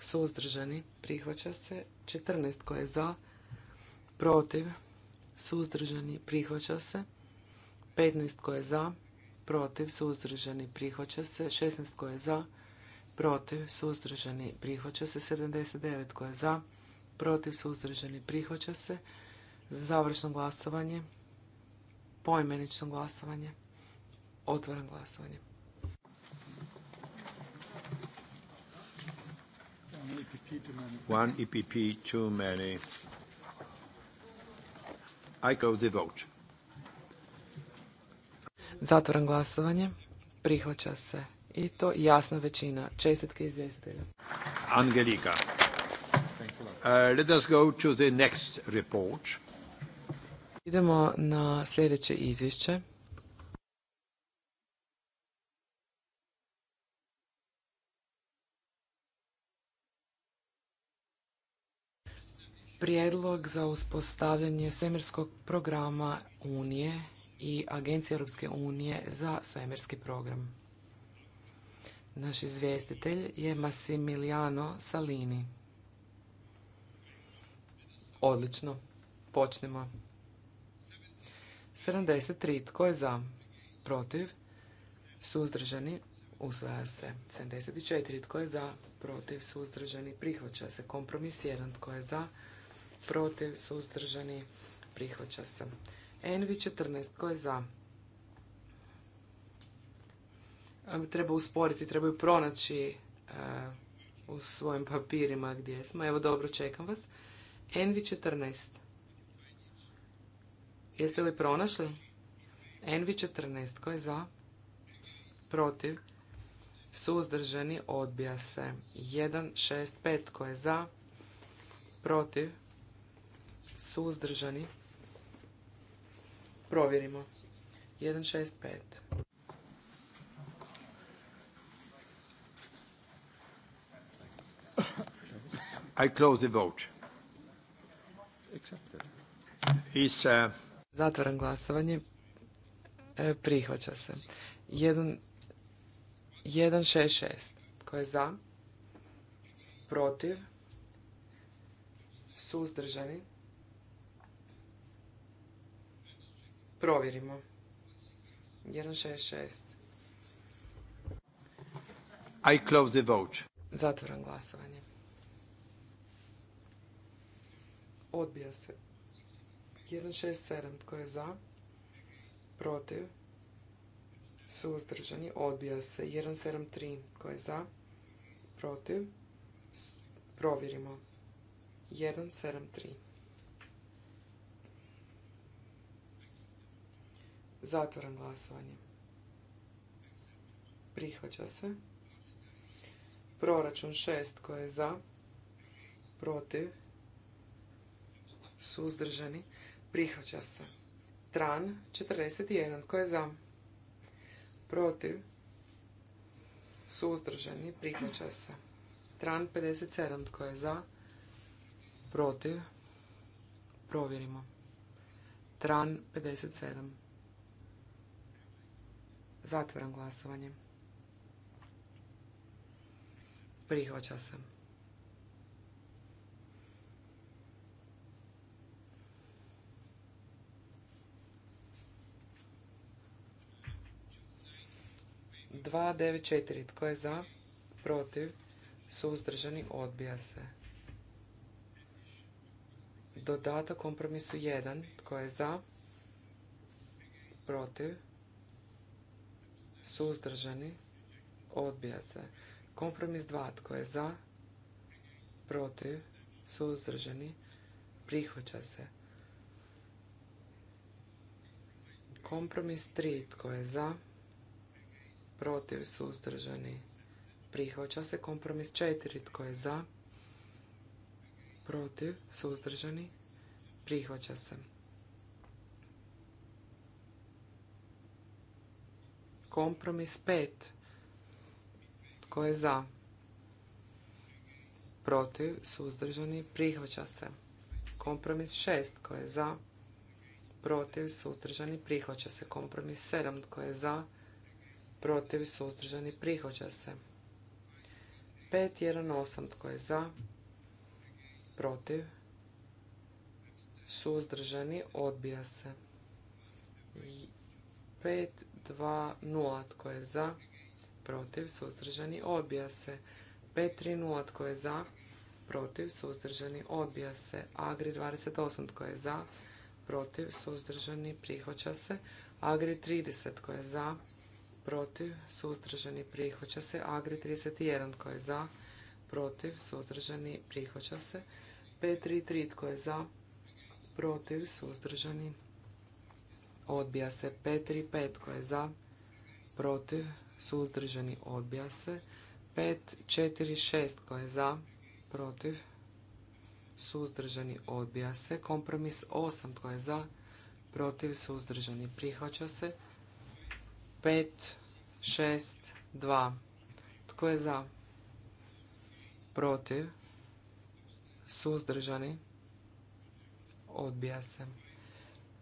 suzdržani, prihvaća se. 14 tko je za, protiv, suzdržani, prihvaća se. 15 tko je za, protiv, suzdržani, prihvaća se. 16 tko je za, protiv, suzdržani, prihvaća se. 79 tko je za, protiv, suzdržani, prihvaća se. Završno glasovanje, poimenično glasovanje, otvoren glasovanje. One EPP many. I the Zatvoren glasovanje. Prihvaća se. I to jasna većina. Čestitke izvjestitelja. Angelika. Uh, let us go to the next report. Idemo na sljedeće izvješće. Prijedlog za uspostavljanje svemirskog programa Unije i Agencije Europske unije za svemirski program. Naš izvjestitelj je Massimiliano Salini. Odlično. Počnemo. 73. Tko je za? Protiv? Suzdržani? Usvaja se. 74. Tko je za? Protiv? Suzdržani? Prihvaća se. Kompromis 1. Tko je za? Protiv? Suzdržani? Prihvaća se. Envi 14. Tko je za? Treba usporiti, trebaju pronaći e, u svojim papirima gdje smo. Evo dobro, čekam vas. NV14. Jeste li pronašli? NV14. koji je za? Protiv. Suzdržani odbija se. 165. koji je za? Protiv. Suzdržani. Provjerimo. 165. I close the vote accepted. Uh, Zatvaram glasovanje. E, prihvaća se. 166. ko je za? Protiv? Suzdržani? Provjerimo. 166. I close the vote. Zatvoram glasovanje. Odbija se. 167. Tko je za? Protiv? Suzdržani. Odbija se. 173. Tko je za? Protiv? Provjerimo. 173. Zatvoran glasovanje. Prihvaća se. Proračun 6 koje je za, protiv, suzdržani, prihvaća se. Tran 41. Tko je za? Protiv, suzdržani, prihvaća se. Tran 57. Tko je za? Protiv, provjerimo. Tran 57. Zatvaram glasovanje. Prihvaća se. 294. Tko je za? Protiv? Suzdržani? Odbija se. Dodatak kompromisu 1. Tko je za? Protiv? Suzdržani? Odbija se. Kompromis 2. Tko je za? Protiv? Suzdržani? Prihvaća se. Kompromis 3. Tko je za? protiv, suzdržani, prihvaća se. Kompromis četiri, tko je za, protiv, suzdržani, prihvaća se. Kompromis pet, tko je za, protiv, suzdržani, prihvaća se. Kompromis šest, tko je za, protiv, suzdržani, prihvaća se. Kompromis sedam, tko je za, protiv, suzdržani, prihvaća se. 518 tko je za, protiv, suzdržani, odbija se. 520 tko je za, protiv, suzdržani, odbija se. 530 tko je za, protiv, suzdržani, odbija se. Agri 28 tko je za, protiv, suzdržani, prihvaća se. Agri 30 tko je za, protiv, suzdržani, prihvaća se. Agri 31, tko je za, protiv, suzdržani, prihvaća se. P33, tko je za, protiv, suzdržani, odbija se. P35, tko je za, protiv, suzdržani, odbija se. 4,6 tko je za, protiv, suzdržani, odbija se. Kompromis 8, tko je za, protiv, suzdržani, prihvaća se. 5, 6, 2. Tko je za? Protiv? Suzdržani? Odbija se.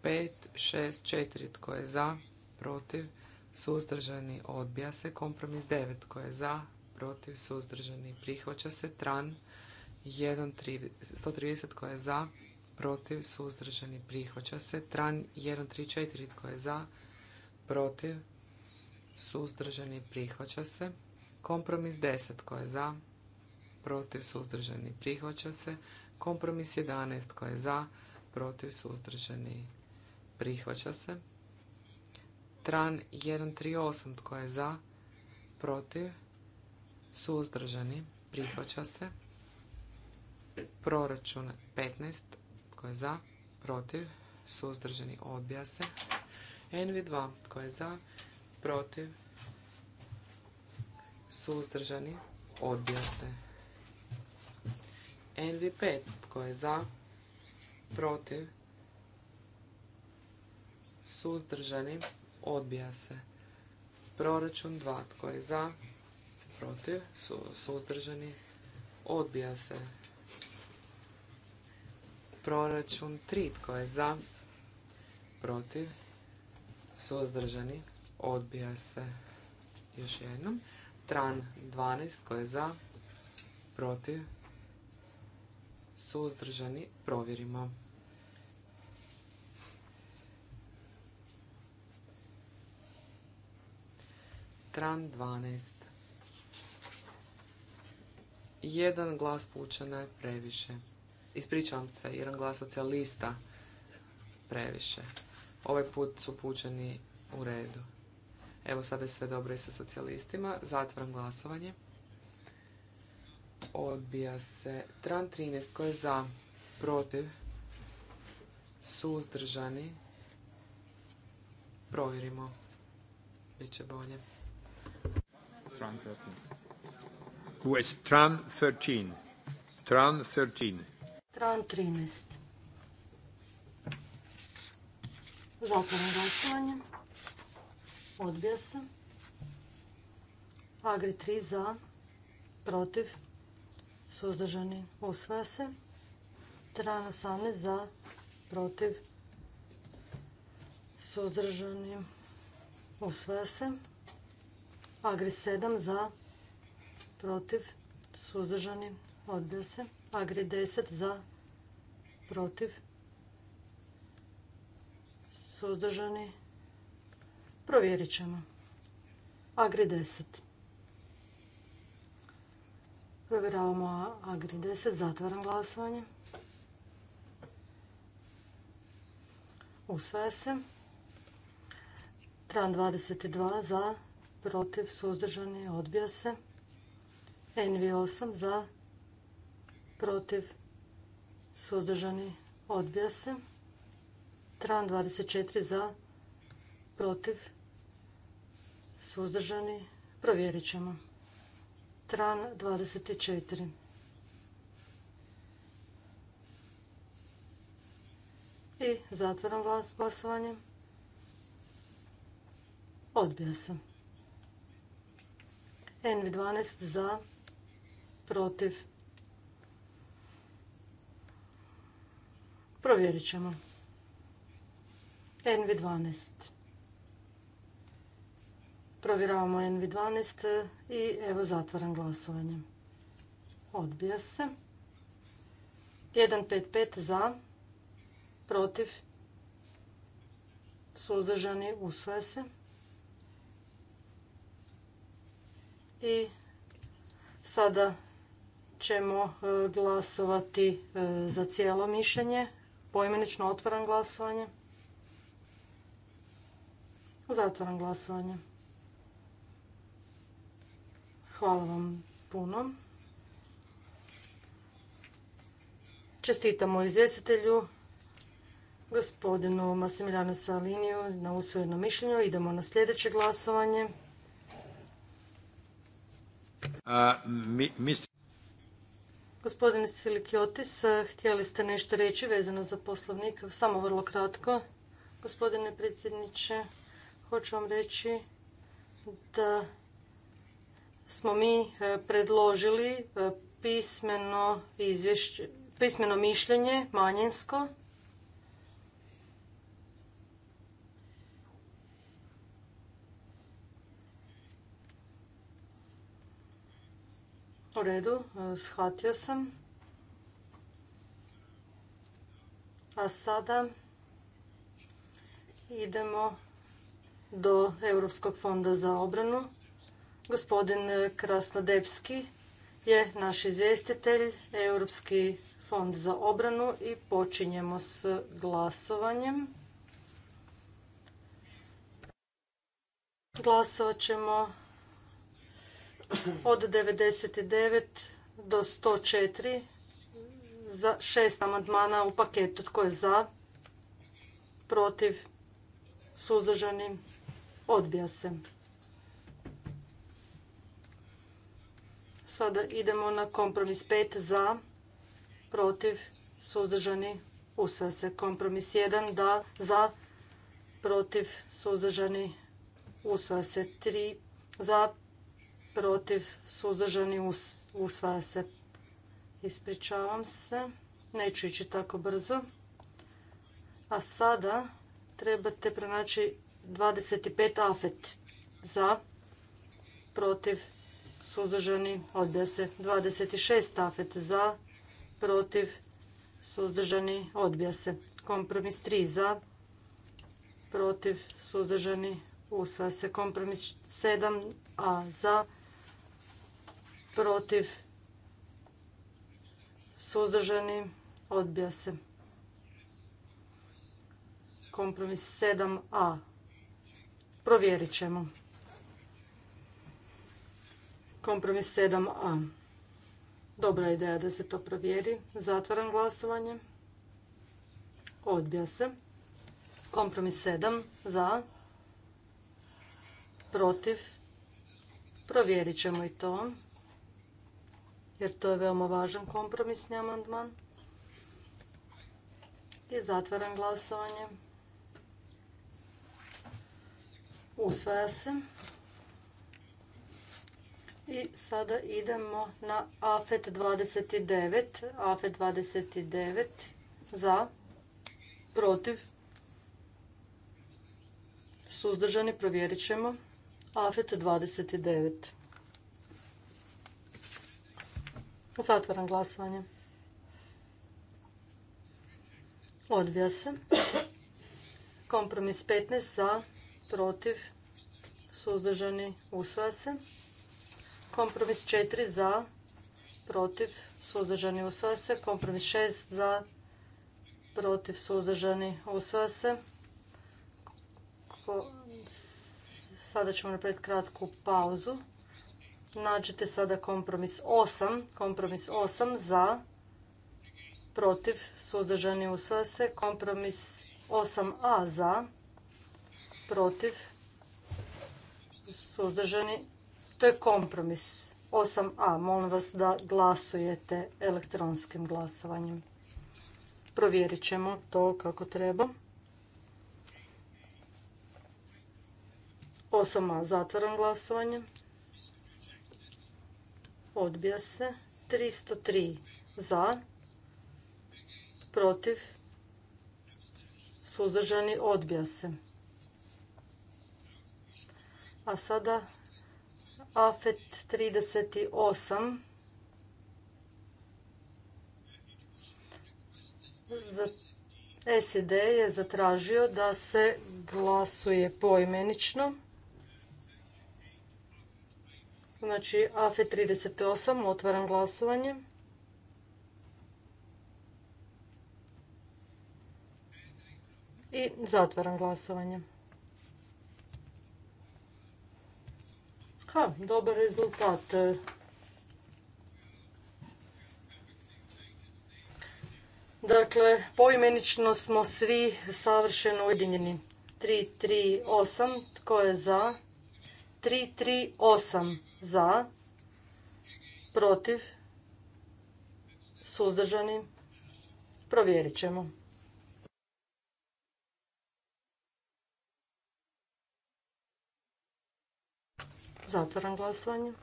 5, 6, 4. Tko je za? Protiv? Suzdržani? Odbija se. Kompromis 9. Tko je za? Protiv? Suzdržani? Prihvaća se. Tran 130. Tko je za? Protiv? Suzdržani? Prihvaća se. Tran 1, Tko je za? Protiv? suzdržani, prihvaća se. Kompromis 10 tko je za, protiv, suzdržani, prihvaća se. Kompromis 11 tko je za, protiv, suzdržani, prihvaća se. Tran 138 tko je za, protiv, suzdržani, prihvaća se. Proračun 15 tko je za, protiv, suzdržani, odbija se. NV2 tko je za, protiv, suzdržani, odbija se. NV5, tko je za, protiv, suzdržani, odbija se. Proračun 2, tko je za, protiv, suzdržani, odbija se. Proračun 3, tko je za, protiv, suzdržani, odbija se još jednom. Tran 12 koje je za, protiv, suzdržani, provjerimo. Tran 12. Jedan glas pučana je previše. Ispričavam se, jedan glas socijalista previše. Ovaj put su pučani u redu. Evo sada je sve dobro i sa socijalistima. Zatvaram glasovanje. Odbija se. Tran 13 koji je za, protiv, suzdržani. Provjerimo. Biće bolje. Tran 13. West Tran 13. Tran 13. Tran 13. Zatvaram glasovanje. Odbija se. Agri 3 za, protiv, suzdržani, usvaja se. Tran 18 za, protiv, suzdržani, usvaja se. Agri 7 za, protiv, suzdržani, odbija se. Agri 10 za, protiv, suzdržani, Provjerit ćemo. Agri 10. Provjeravamo Agri 10. Zatvaram glasovanje. Usvaja se. Tran 22 za, protiv, suzdržani, odbija se. NV8 za, protiv, suzdržani, odbija se. Tran 24 za, protiv, suzdržani, provjerit ćemo. Tran 24. I zatvaram glasovanje. Odbija se. NV12 za, protiv. Provjerit ćemo. NV12. Provjeravamo NV12 i evo zatvaram glasovanje. Odbija se. 155 za, protiv, suzdržani, usvaja se. I sada ćemo e, glasovati e, za cijelo mišljenje. Poimenično otvaram glasovanje. Zatvaram glasovanje. Hvala vam puno. Čestitamo izvjestitelju, gospodinu Masimiljanu Saliniju na usvojeno mišljenju. Idemo na sljedeće glasovanje. A, mi, Gospodine Silikiotis, htjeli ste nešto reći vezano za poslovnik? Samo vrlo kratko. Gospodine predsjedniče, hoću vam reći da smo mi e, predložili e, pismeno, izvješće, pismeno mišljenje manjinsko U redu, e, shvatio sam. A sada idemo do Europskog fonda za obranu. Gospodin Krasnodevski je naš izvjestitelj, Europski fond za obranu i počinjemo s glasovanjem. Glasovat ćemo od 99 do 104 za šest amandmana u paketu. Tko je za? Protiv? Suzdržani? Odbija se. Sada idemo na kompromis 5 za, protiv, suzdržani, usvaja se. Kompromis 1 da, za, protiv, suzdržani, usvaja se. 3 za, protiv, suzdržani, usvaja se. Ispričavam se, neću ići tako brzo. A sada trebate pronaći 25 afet za, protiv, suzdržani, odbija se. 26 tafet za, protiv, suzdržani, odbija se. Kompromis 3 za, protiv, suzdržani, usvaja se. Kompromis 7a za, protiv, suzdržani, odbija se. Kompromis 7a. Provjerit ćemo. Kompromis 7a. Dobra ideja da se to provjeri. Zatvaram glasovanje. Odbija se. Kompromis 7 za. Protiv. Provjerit ćemo i to. Jer to je veoma važan kompromisni amandman. I zatvaram glasovanje. Usvaja se. I sada idemo na AFET 29. AFET 29 za, protiv, suzdržani, provjerit ćemo. AFET 29. Zatvaram glasovanje. Odbija se. Kompromis 15 za, protiv, suzdržani, usvaja se. Kompromis 4 za, protiv, suzdržani, usvaja se. Kompromis 6 za, protiv, suzdržani, usvaja se. Sada ćemo napraviti kratku pauzu. Nađite sada kompromis 8. Kompromis 8 za, protiv, suzdržani, usvaja se. Kompromis 8a za, protiv, suzdržani, to je kompromis 8a. Molim vas da glasujete elektronskim glasovanjem. Provjerit ćemo to kako treba. 8a. Zatvaram glasovanje. Odbija se. 303 za. Protiv. Suzdržani odbija se. A sada AFET 38. SED je zatražio da se glasuje poimenično. Znači, AFE 38, otvaram glasovanje. I zatvaram glasovanje. Ha, dobar rezultat. Dakle, poimenično smo svi savršeno ujedinjeni. 3, 3, 8. Tko je za? 3, 3, 8. Za. Protiv. Suzdržani. Provjerit ćemo. Zatvoram glasovanje.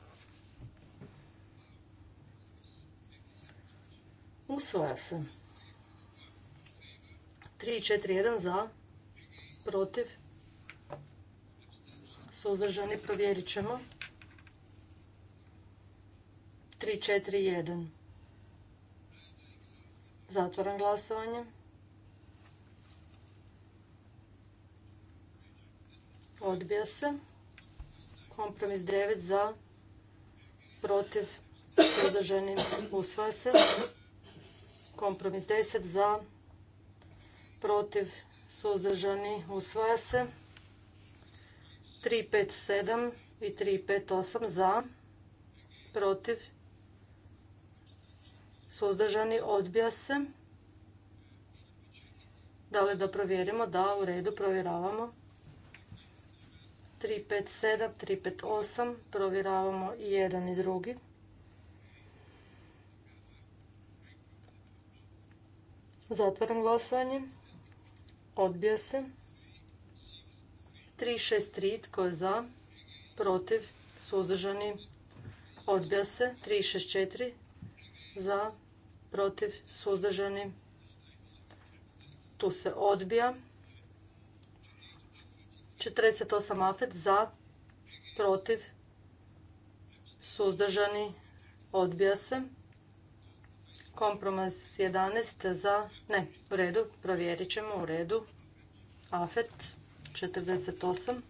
Usvaja se. 3, 4, 1 za, protiv, suzdržani, provjerit ćemo. 3, 4, 1. Zatvoram glasovanje. Odbija se. Kompromis 9 za, protiv, suzdržani, usvaja se. Kompromis 10 za, protiv, suzdržani, usvaja se. 357 i 358 za, protiv, suzdržani, odbija se. Da li da provjerimo? Da, u redu, provjeravamo. 357, 358, provjeravamo i jedan i drugi. Zatvaram glasovanje. Odbija se. 363, tko je za? Protiv, suzdržani, odbija se. 364, za, protiv, suzdržani, tu se odbija. 48 afet za, protiv, suzdržani, odbija se. Kompromis 11 za, ne, u redu, provjerit ćemo, u redu. Afet 48.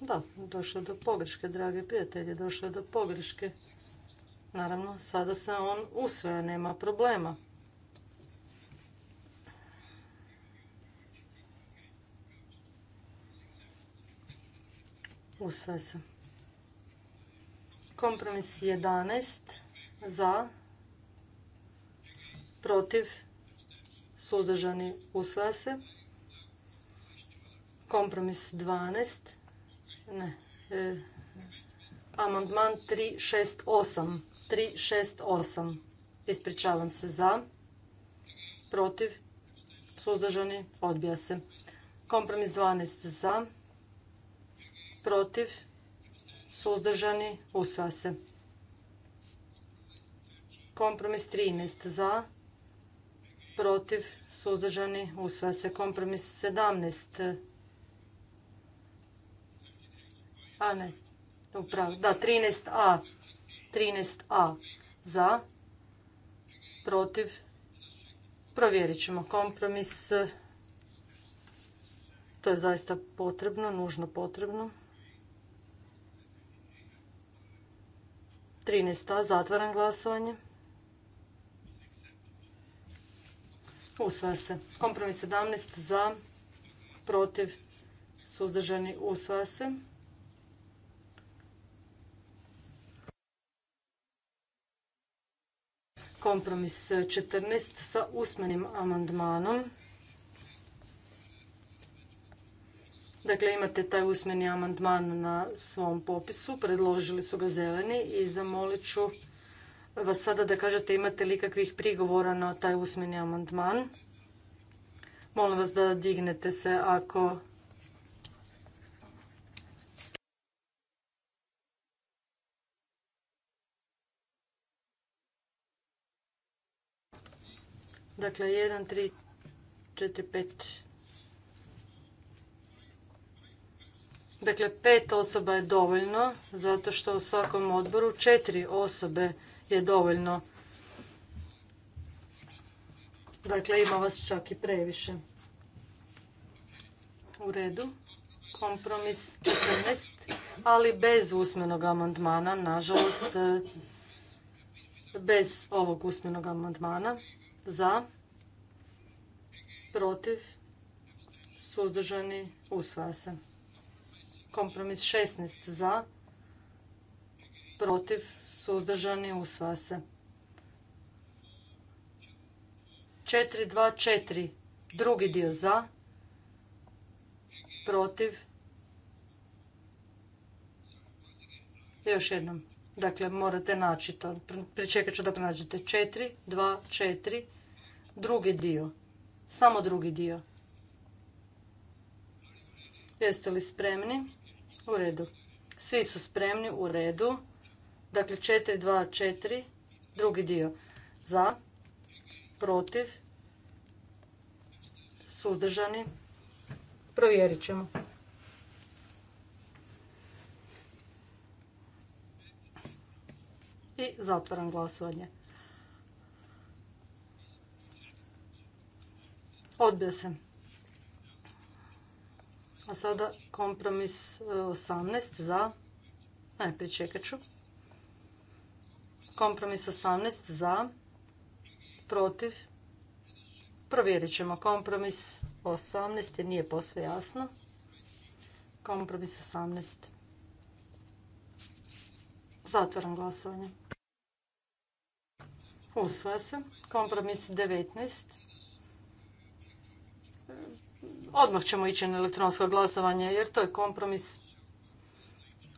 Da, došlo do pogreške, dragi prijatelji, došlo do pogreške. Naravno, sada se on usvoja, nema problema. Usvoja se. Kompromis 11 za, protiv, suzdržani, usvoja se. Kompromis 12, ne, e, amandman 368 368. Ispričavam se za, protiv, suzdržani, odbija se. Kompromis 12 za, protiv, suzdržani, usva se. Kompromis 13 za, protiv, suzdržani, usva se. Kompromis 17 a ne, upravo, da, 13a 13a za, protiv, provjerit ćemo kompromis. To je zaista potrebno, nužno potrebno. 13a, zatvaram glasovanje. Usvaja se. Kompromis 17 za, protiv, suzdržani, usvaja se. kompromis 14 sa usmenim amandmanom. Dakle, imate taj usmeni amandman na svom popisu, predložili su ga zeleni i zamolit ću vas sada da kažete imate li kakvih prigovora na taj usmeni amandman. Molim vas da dignete se ako Dakle, 1, 3, 4, 5. Dakle, pet osoba je dovoljno, zato što u svakom odboru četiri osobe je dovoljno. Dakle, ima vas čak i previše. U redu. Kompromis 14, ali bez usmenog amandmana, nažalost, bez ovog usmenog amandmana za, protiv, suzdržani, usvaja se. Kompromis 16 za, protiv, suzdržani, usvaja se. 424, drugi dio za, protiv, još jednom. Dakle, morate naći to. Pričekat ću da pronađete 4, 2, 4, drugi dio. Samo drugi dio. Jeste li spremni? U redu. Svi su spremni, u redu. Dakle, 4, 2, 4, drugi dio. Za, protiv, suzdržani. Provjerit ćemo. i Zatvaram glasovanje. Odbija se. A sada kompromis 18 e, za... Ne, pričekat ću. Kompromis 18 za, protiv. Provjerit ćemo kompromis 18 jer nije posve jasno. Kompromis 18. Zatvoram glasovanje. Usvaja se. Kompromis 19. Odmah ćemo ići na elektronsko glasovanje jer to je kompromis.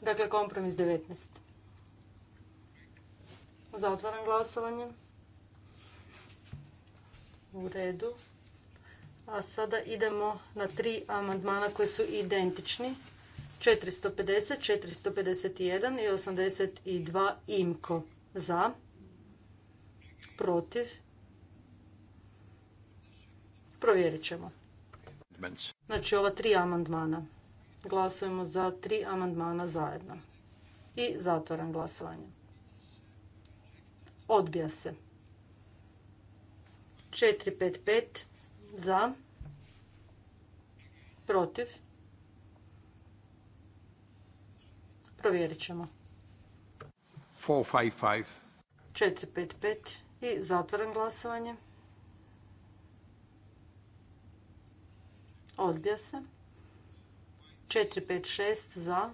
Dakle, kompromis 19. Zatvaram glasovanje. U redu. A sada idemo na tri amandmana koji su identični. 450, 451 i 82 imko za protiv, provjerit ćemo. Znači ova tri amandmana. Glasujemo za tri amandmana zajedno. I zatvaram glasovanje. Odbija se. 455 za, protiv, provjerit ćemo. 455. 455. I zatvaram glasovanje. Odbija se. 4, 5, 6 za.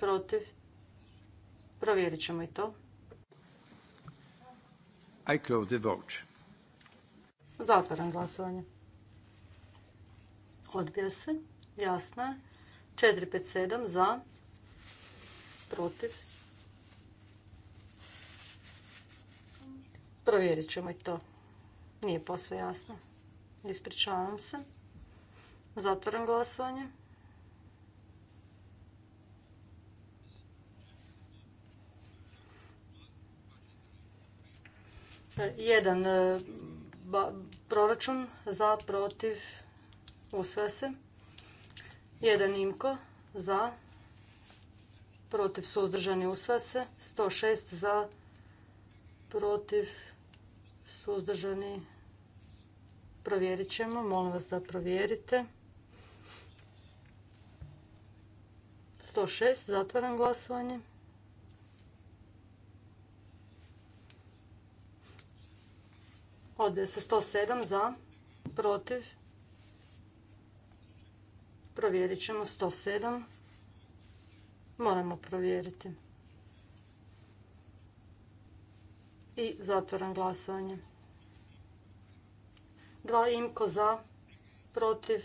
Protiv. Provjerit ćemo i to. I close the vote. Zatvaram glasovanje. Odbija se. Jasno je. 4, 5, 7 za. Protiv. Provjerit ćemo i to. Nije posve jasno. Ispričavam se. Zatvoram glasovanje. Jedan e, proračun za, protiv, usve se. Jedan imko za, protiv, suzdržani, usve se. 106 za, protiv, suzdržani, provjerit ćemo. Molim vas da provjerite. 106, zatvaram glasovanje. Odbija se 107 za, protiv. Provjerit ćemo 107. Moramo provjeriti. I zatvoram glasovanje. Dva imko za, protiv,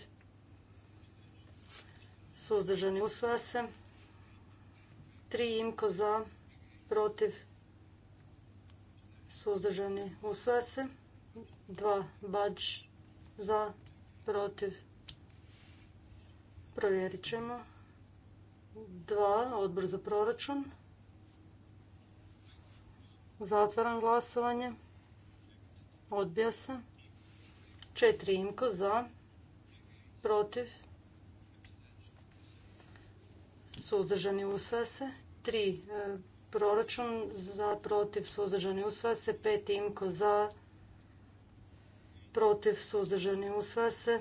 suzdržani usvaja se. tri imko za, protiv, suzdržani usvaja se. dva bađ za, protiv, provjerit ćemo. Dva odbor za proračun. Zatvaram glasovanje. Odbija se. Četiri imko za. Protiv. Suzdržani usvaja se. Tri e, proračun za protiv suzdržani usvaja se. pet imko za. Protiv suzdržani usvaja se.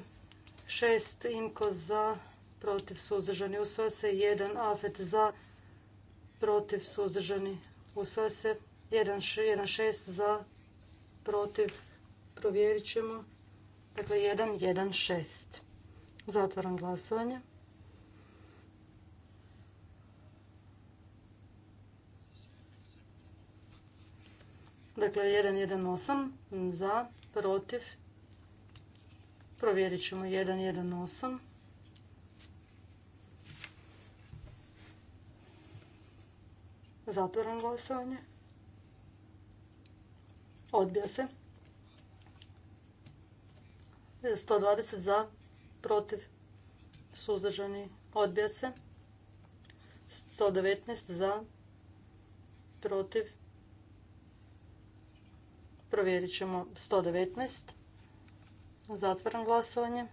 Šest imko za. Protiv suzdržani usvaja se. Jedan afet za. Protiv suzdržani usvaja se. 1.6 za, protiv, provjerit ćemo. Dakle, 1.1.6. Zatvaram glasovanje. Dakle, 1.1.8 za, protiv, provjerit ćemo 1.1.8. Zatvoram glasovanje. Odbija se. 120 za, protiv, suzdržani, odbija se. 119 za, protiv, provjerit ćemo 119. zatvoram glasovanje.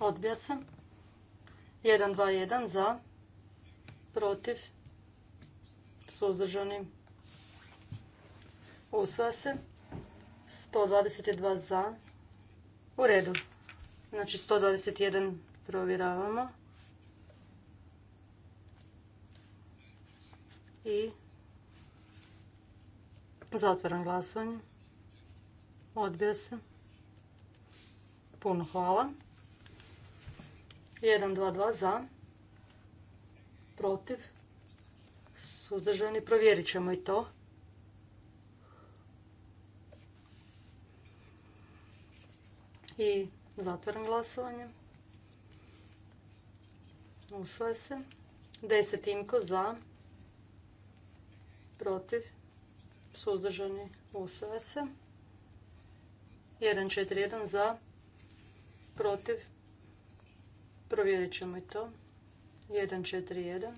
Odbija se. 1, 2, 1 za, protiv, suzdržani, usva se. 122 za, u redu. Znači 121 provjeravamo. I zatvoram glasovanje. Odbija se. Puno hvala. 1, 2, 2 za protiv, suzdržani, provjerit ćemo i to. I zatvoren glasovanje. Usvaja se. Deset imko za, protiv, suzdržani, usvoje se. 141 za, protiv, provjerit ćemo i to. 1.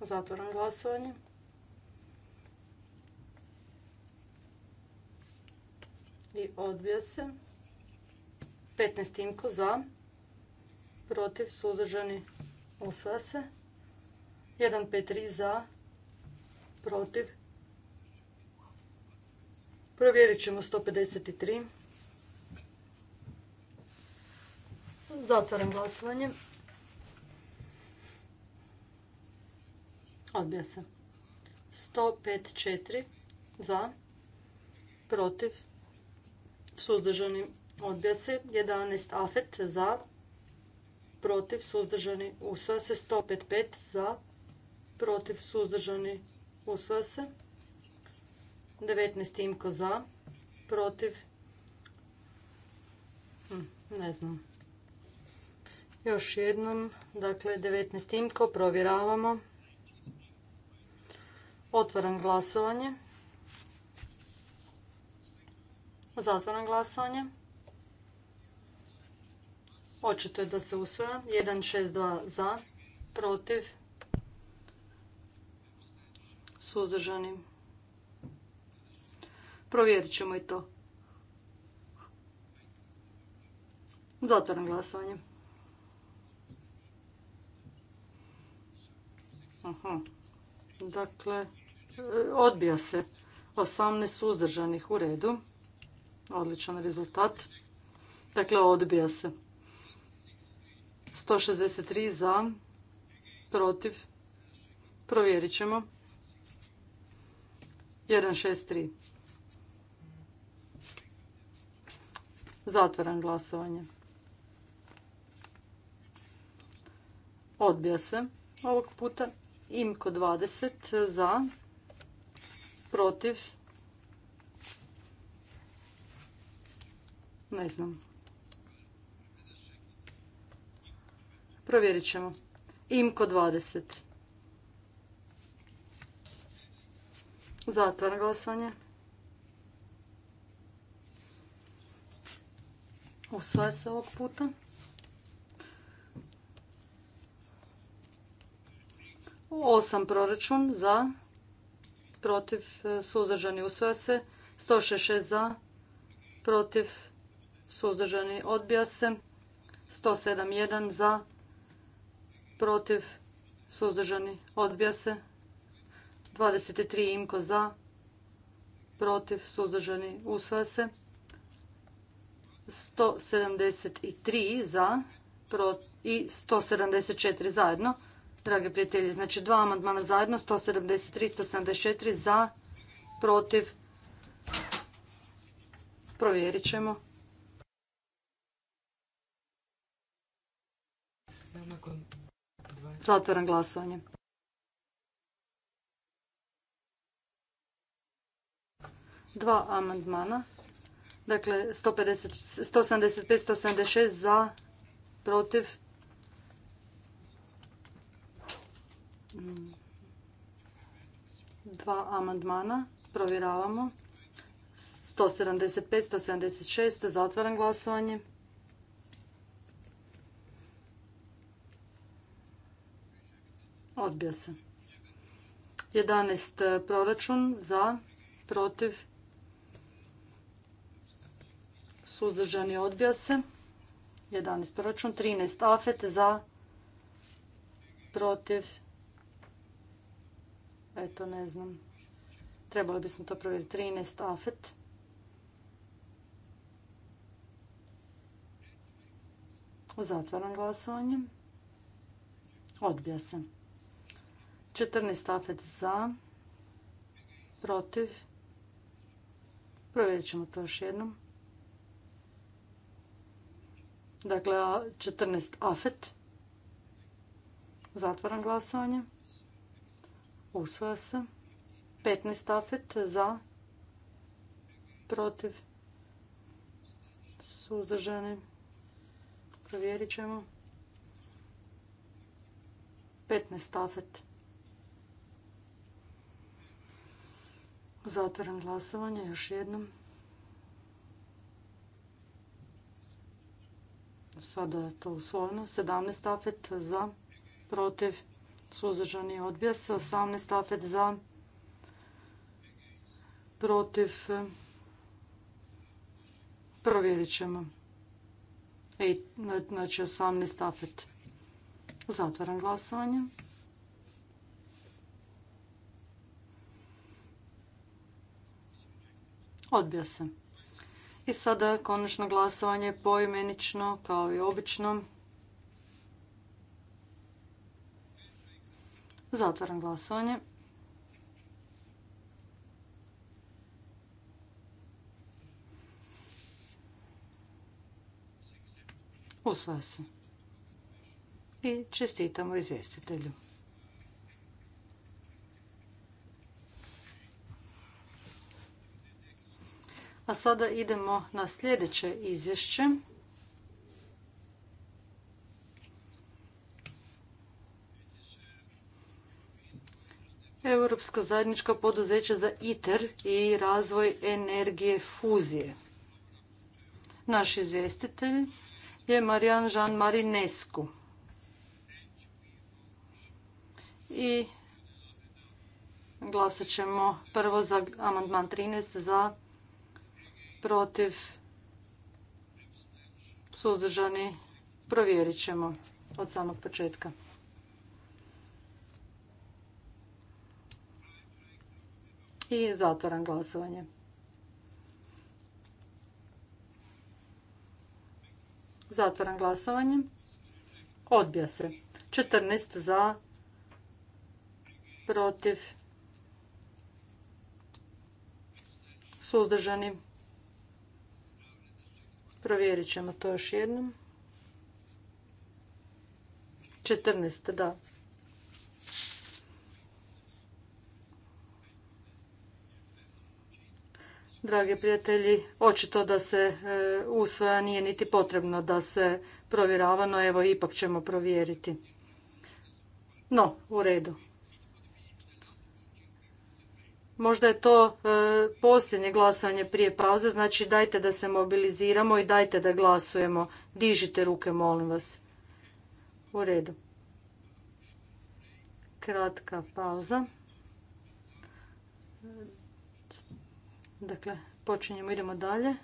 Zatvoram glasovanje. I odbija se. 15 timko za. Protiv, suzdržani, usvaja se. 153 za. Protiv. Provjerit ćemo 153. Zatvaram glasovanje. Odbija se. 105-4 za, protiv, suzdržani, odbija se. 11 afet za, protiv, suzdržani, usvaja se. 105 za, protiv, suzdržani, usvaja se. 19 imko za, protiv, hm, ne znam. Još jednom, dakle 19 imko, provjeravamo. Otvaram glasovanje. Zatvaram glasovanje. Očito je da se usvaja. 162 za, protiv, suzdržani. Provjerit ćemo i to. Zatvaram glasovanje. Aha. Dakle, e, odbija se 18 suzdržanih u redu. Odličan rezultat. Dakle, odbija se. 163 za, protiv. Provjerit ćemo. 163. Zatvaram glasovanje. Odbija se ovog puta. Imko 20 za, protiv, ne znam. Provjerit ćemo. Imko 20. Zatvaram glasovanje. Usvaja se ovog puta. 8 proračun za, protiv, e, suzdržani, usvaja se. 166 za, protiv, suzdržani, odbija se. 107.1 za, protiv, suzdržani, odbija se. 23 imko za, protiv, suzdržani, usvaja se. 173 za i 174 zajedno dragi prijatelji. Znači dva amandmana zajedno, 173, 174 za, protiv. Provjerit ćemo. Zatvoram glasovanje. Dva amandmana. Dakle, 175, 176 za, protiv. Dva amandmana. Provjeravamo. 175, 176. Zatvaram glasovanje. Odbija se. 11 e, proračun za, protiv, suzdržani odbija se. 11 proračun, 13 afet za, protiv, Eto, ne znam. Trebali bismo to provjeriti. 13 afet. Zatvaram glasovanje. Odbija se. 14 afet za. Protiv. Provjerit ćemo to još jednom. Dakle, 14 afet. Zatvaram glasovanje. Usvaja se. 15 tafet za, protiv, suzdržani. Provjerit ćemo. 15 tafet. Zatvoram glasovanje još jednom. Sada je to uslovno. 17 tafet za, protiv, suzdržani odbija se, 18 afet za, protiv, provjerit ćemo. znači 18 afet. Zatvaram glasovanje. Odbija se. I sada konačno glasovanje poimenično kao i obično. Zatvaram glasovanje. Usvaja se. I čestitamo izvjestitelju. A sada idemo na sljedeće izvješće. Europsko zajedničko poduzeće za ITER i razvoj energije fuzije. Naš izvjestitelj je Marijan Žan Marinescu. I glasat ćemo prvo za amandman 13 za protiv suzdržani provjerit ćemo od samog početka. I zatvoram glasovanje. Zatvoram glasovanje. Odbija se. 14 za, protiv, suzdržani. Provjerit ćemo to još jednom. 14, da. Dragi prijatelji, očito da se e, usvoja nije niti potrebno da se provjerava, no evo ipak ćemo provjeriti. No, u redu. Možda je to e, posljednje glasovanje prije pauze, znači dajte da se mobiliziramo i dajte da glasujemo. Dižite ruke, molim vas. U redu. Kratka pauza. Dakle, počinjemo, idemo dalje.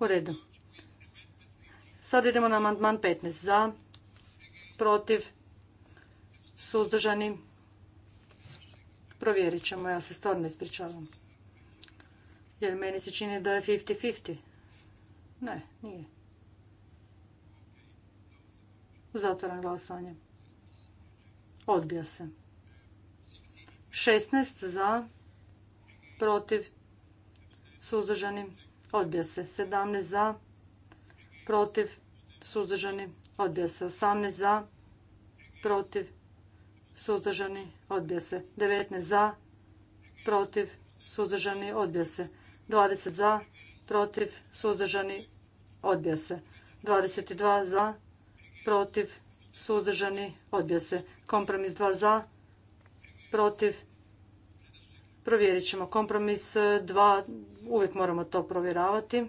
U redu. Sad idemo na amandman 15. Za, protiv, suzdržani. Provjerit ćemo, ja se stvarno ispričavam. Jer meni se čini da je 50-50. Ne, nije. Zatvoram glasovanje. Odbija se. 16 za, protiv, suzdržani, odbija se. 17 za, protiv, suzdržani, odbija se. 18 za, protiv, suzdržani, odbija se. 19 za, protiv, suzdržani, odbija se. 20 za, protiv, suzdržani, odbija se. 22 za, protiv, suzdržani, odbija se. Kompromis 2 za, protiv, provjerit ćemo. Kompromis 2, e, uvijek moramo to provjeravati.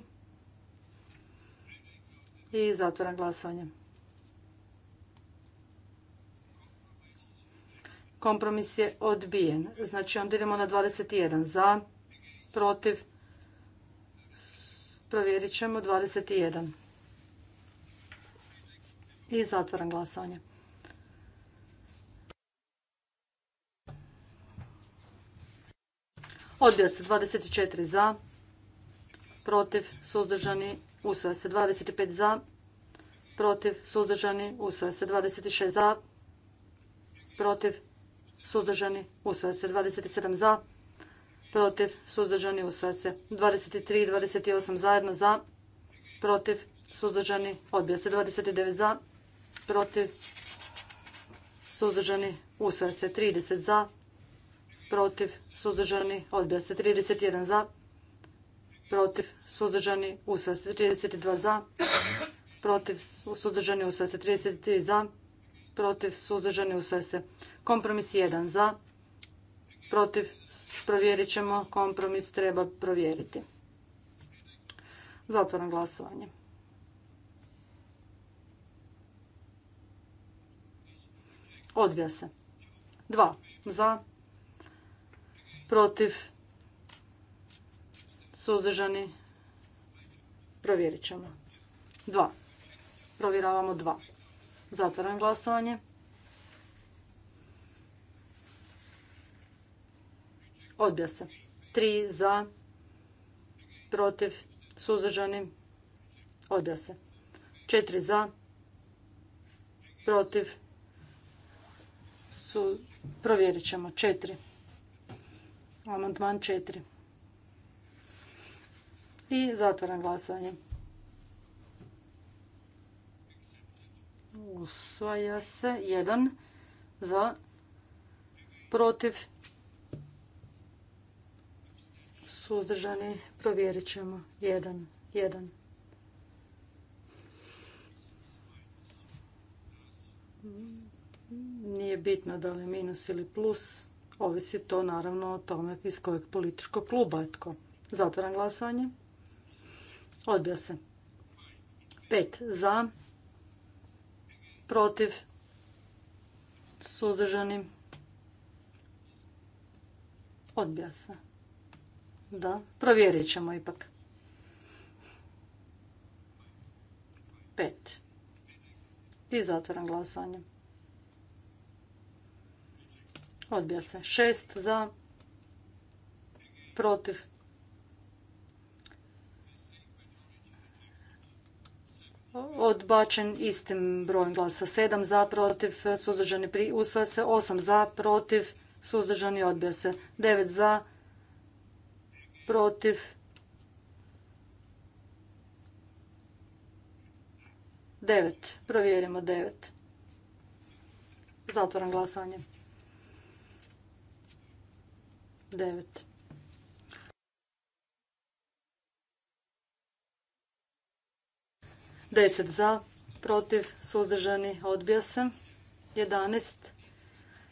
I zatvoram glasovanje. Kompromis je odbijen. Znači onda idemo na 21 za, protiv, provjerit ćemo 21. I zatvoram glasovanje. Odbija se 24 za, protiv, suzdržani, usvoja se 25 za, protiv, suzdržani, usvoja se 26 za, protiv, suzdržani, usvoja se 27 za, protiv, suzdržani, usvoja se 23 i 28 zajedno za, protiv, suzdržani, odbija se 29 za, protiv, suzdržani, usvaja se 30 za, protiv, suzdržani, odbija se 31 za, protiv, suzdržani, usvaja se 32 za, protiv, suzdržani, usvaja se 33 za, protiv, suzdržani, usvaja se kompromis 1 za, protiv, provjerit ćemo, kompromis treba provjeriti. Zatvoram glasovanje. Odbija se. Dva za, protiv, suzdržani. Provjerit ćemo. Dva. Provjeravamo dva. Zatvaram glasovanje. Odbija se. Tri za, protiv, suzdržani. Odbija se. Četiri za, protiv, su, provjerit ćemo, Četiri. Amandman četiri. I zatvaram glasovanje. Usvaja se Jedan. za protiv suzdržani provjerit ćemo Jedan. Jedan. Nije bitno da li minus ili plus, ovisi to naravno o tome iz kojeg političkog kluba je tko. Zatvoram glasovanje. Odbija se. 5 za, protiv, suzdržani. Odbija se. Da, provjerit ćemo ipak. 5. I zatvoram glasovanje. Odbija se. šest za. Protiv. Odbačen istim brojem glasa. Sedam za, protiv, suzdržani Usvaja se Osam za, protiv, suzdržani odbija se. Devet za, protiv, devet. Provjerimo devet. Zatvoram glasovanje. 9. Deset za, protiv, suzdržani, odbija se. 11.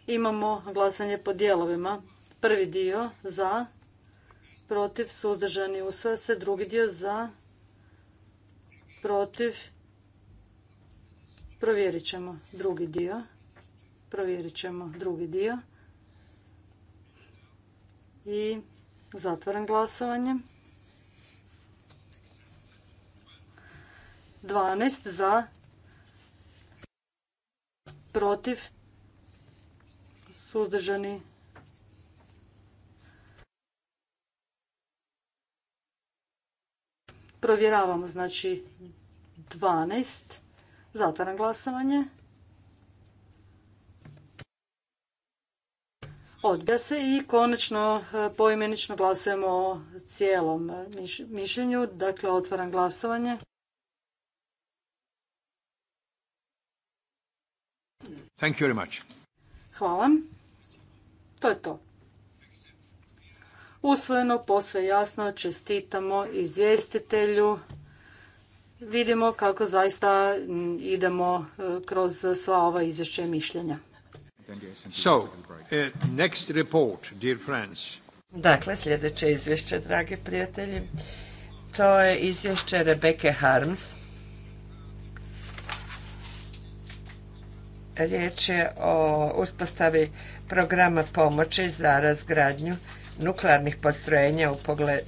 Imamo glasanje po dijelovima. Prvi dio za, protiv, suzdržani, usvaja se. Drugi dio za, protiv, provjerit ćemo drugi dio. Provjerit ćemo drugi dio. I zatvoren glasovanje. 12 za, protiv, suzdržani. Provjeravamo, znači 12. Zatvaram glasovanje. Odbija se i konačno e, poimenično glasujemo o cijelom e, mišljenju. Dakle, otvaram glasovanje. Thank you very much. Hvala. To je to. Usvojeno, posve jasno, čestitamo izvjestitelju. Vidimo kako zaista idemo e, kroz sva ova izvješća i mišljenja. Uh, dakle, sljedeće izvješće, dragi prijatelji. To je izvješće Rebeke Harms. Riječ je o uspostavi programa pomoći za razgradnju nuklearnih postrojenja u pogled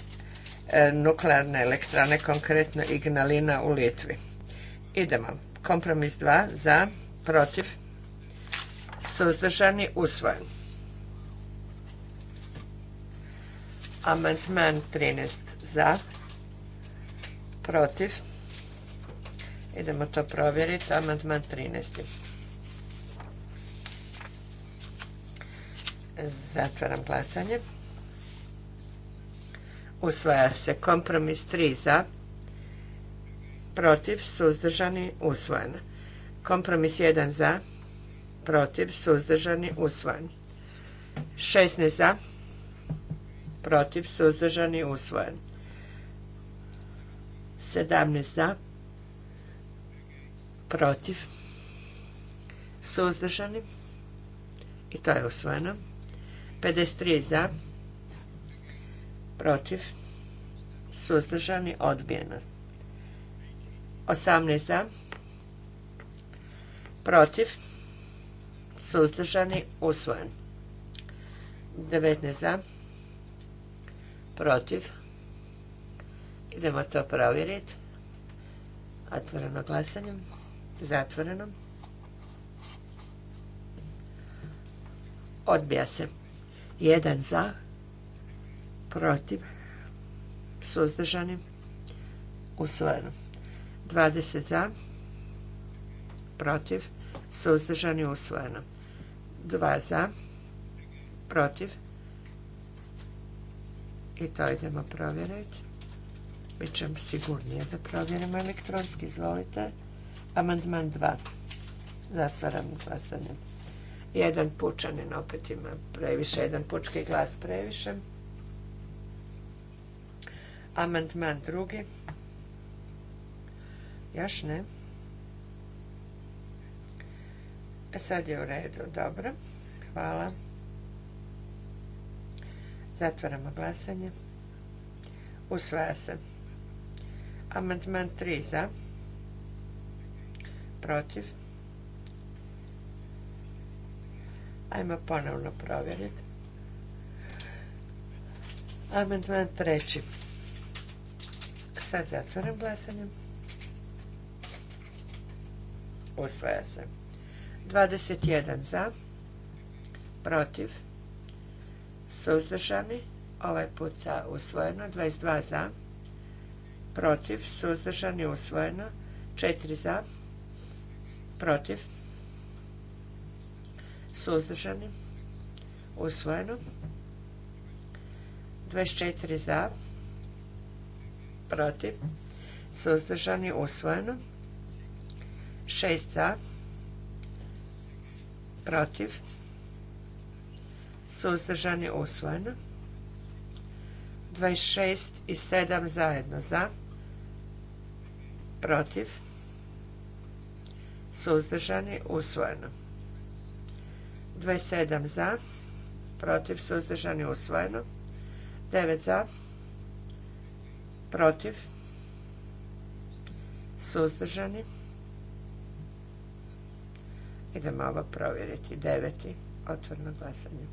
e, nuklearne elektrane, konkretno Ignalina u Litvi. Idemo. Kompromis 2 za, protiv, suzdržani, usvojen. Amandman 13 za, protiv. Idemo to provjeriti. Amandman 13. Zatvaram glasanje. Usvaja se kompromis 3 za, protiv, suzdržani, Usvojen. Kompromis 1 za, protiv, suzdržani, usvojen. 16 za, protiv, suzdržani, usvojen. 17 za, protiv, suzdržani, i to je usvojeno. 53 za, protiv, suzdržani, odbijeno. 18 za, protiv, suzdržani, usvojen. 19 za, protiv. Idemo to provjeriti. Otvoreno glasanjem, zatvoreno. Odbija se. Jedan za, protiv, suzdržani, usvojeno. 20 za, protiv, suzdržani usvojeno. Dva za, protiv. I to idemo provjeriti. ćemo sigurnije da provjerimo elektronski. Izvolite. Amandman 2. Zatvaram glasanje. Jedan pučanin opet ima previše. Jedan pučki glas previše. Amandman drugi. Još ne. E, sad je u redu, dobro. Hvala. Zatvaramo glasanje. Usvaja se. Amandman 3 za. Protiv. Ajmo ponovno provjeriti. Amandman treći. Sad zatvaram glasanje. Usvaja se. 21 za, protiv, suzdržani, ovaj puta usvojeno, 22 za, protiv, suzdržani, usvojeno, 4 za, protiv, suzdržani, usvojeno, 24 za, protiv, suzdržani, usvojeno, 6 za, protiv, suzdržani, usvojeno. 26 i 7 zajedno za, protiv, suzdržani, usvojeno. 27 za, protiv, suzdržani, usvojeno. 9 za, protiv, suzdržani, Idemo ovo provjeriti. Deveti. Otvorno glasanje.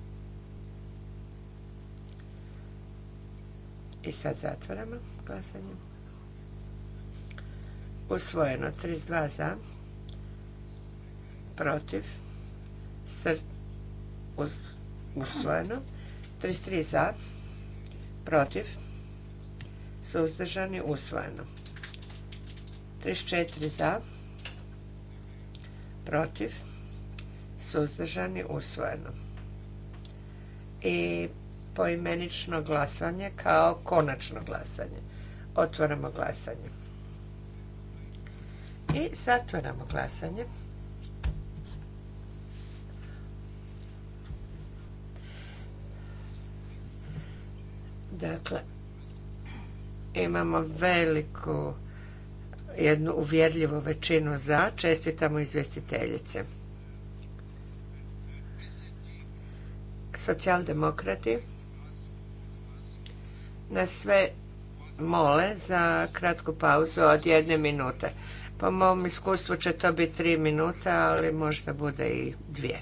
I sad zatvaramo glasanje. Usvojeno. 32 za. Protiv. Usvojeno. 33 za. Protiv. Suzdržani. Usvojeno. 34 za. Protiv suzdržani, usvojeno. I poimenično glasanje kao konačno glasanje. Otvaramo glasanje. I zatvaramo glasanje. Dakle, imamo veliku jednu uvjerljivu većinu za. Čestitamo izvjestiteljice. socijaldemokrati Na sve mole za kratku pauzu od jedne minute. Po mom iskustvu će to biti tri minuta, ali možda bude i dvije.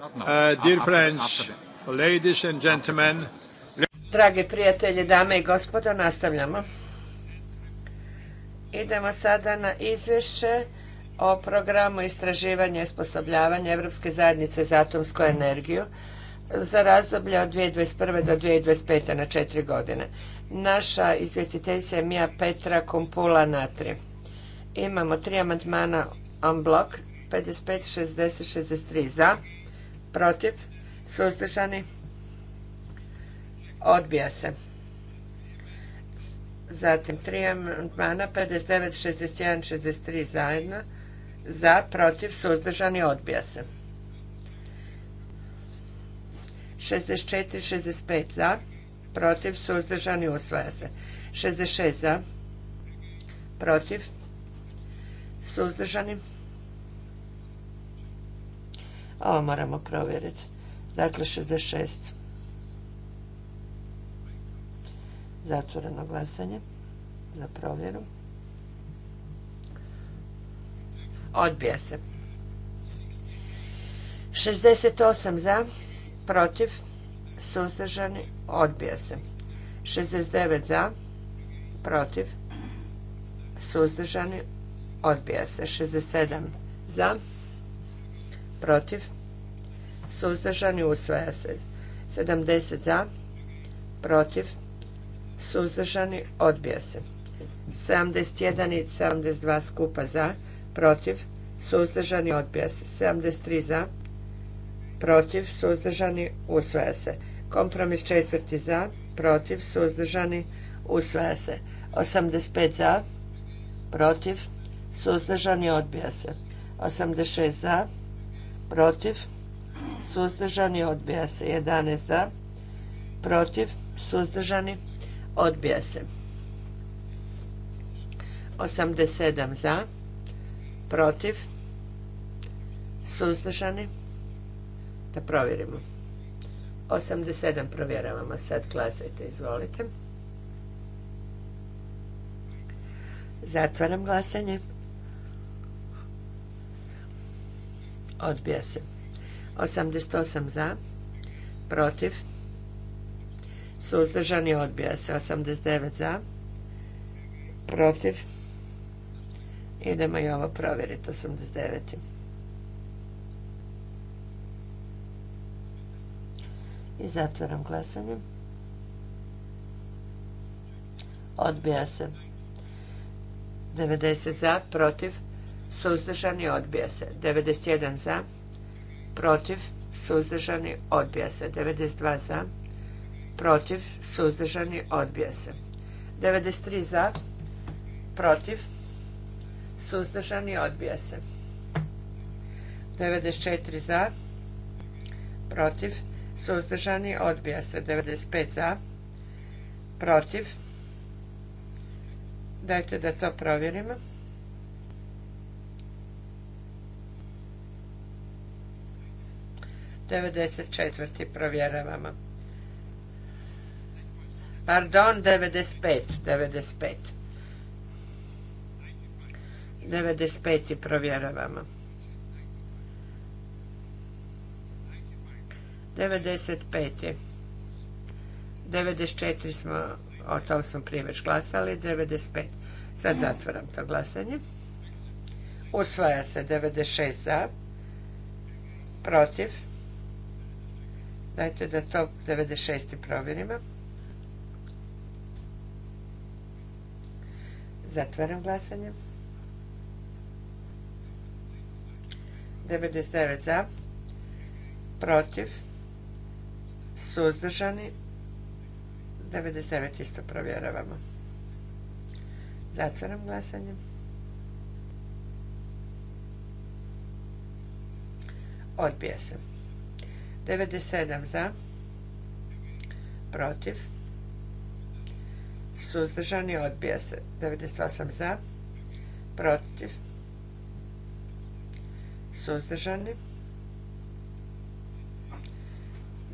Uh, Dragi prijatelji, dame i gospodo, nastavljamo. Idemo sada na izvješće o programu istraživanja i sposobljavanja Europske zajednice za atomsku energiju za razdoblje od 2021. do 2025. na četiri godine. Naša izvjestiteljica je Mija Petra Kumpula Natri. Imamo tri amandmana on blok 55, 60, 63 za protiv, suzdržani, odbija se. Zatim tri amandmana 59, 61, 63 zajedno, za, protiv, suzdržani, odbija se. 64, 65 za, protiv, suzdržani, usvaja se. 66 za, protiv, suzdržani, odbija se ovo moramo provjeriti. Dakle, 66. Zatvoreno glasanje za provjeru. Odbija se. 68 za, protiv, suzdržani, odbija se. 69 za, protiv, suzdržani, odbija se. 67 za, protiv, protiv, suzdržani, usvaja se. 70 za, protiv, suzdržani, odbija se. 71 i 72 skupa za, protiv, suzdržani, odbija se. 73 za, protiv, suzdržani, usvaja se. Kompromis četvrti za, protiv, suzdržani, usvaja se. 85 za, protiv, suzdržani, odbija se. 86 za, protiv, suzdržani, odbija se. 11 za, protiv, suzdržani, odbija se. 87 za, protiv, suzdržani, da provjerimo. 87 provjeravamo sad, glasajte, izvolite. Zatvaram glasanje. Odbija se. 88 za. Protiv. Suzdržani odbija se. 89 za. Protiv. Idemo i ovo provjeriti. 89. I zatvaram glasanje. Odbija se. 90 za. Protiv suzdržani, odbija se. 91 za, protiv, suzdržani, odbija se. 92 za, protiv, suzdržani, odbija se. 93 za, protiv, suzdržani, odbija se. 94 za, protiv, suzdržani, odbija se. 95 za, protiv, dajte da to provjerimo. 94. provjeravamo. Pardon, 95. 95. 95. provjeravamo. 95. 94 smo, o tom smo prije već glasali, 95. Sad zatvoram to glasanje. Usvaja se 96 za, protiv, Dajte da to 96. provjerimo. Zatvaram glasanje. 99 za, protiv, suzdržani, 99 isto provjeravamo. Zatvaram glasanje. Odbija se. 97 za, protiv, suzdržani odbija se. 98 za, protiv, suzdržani.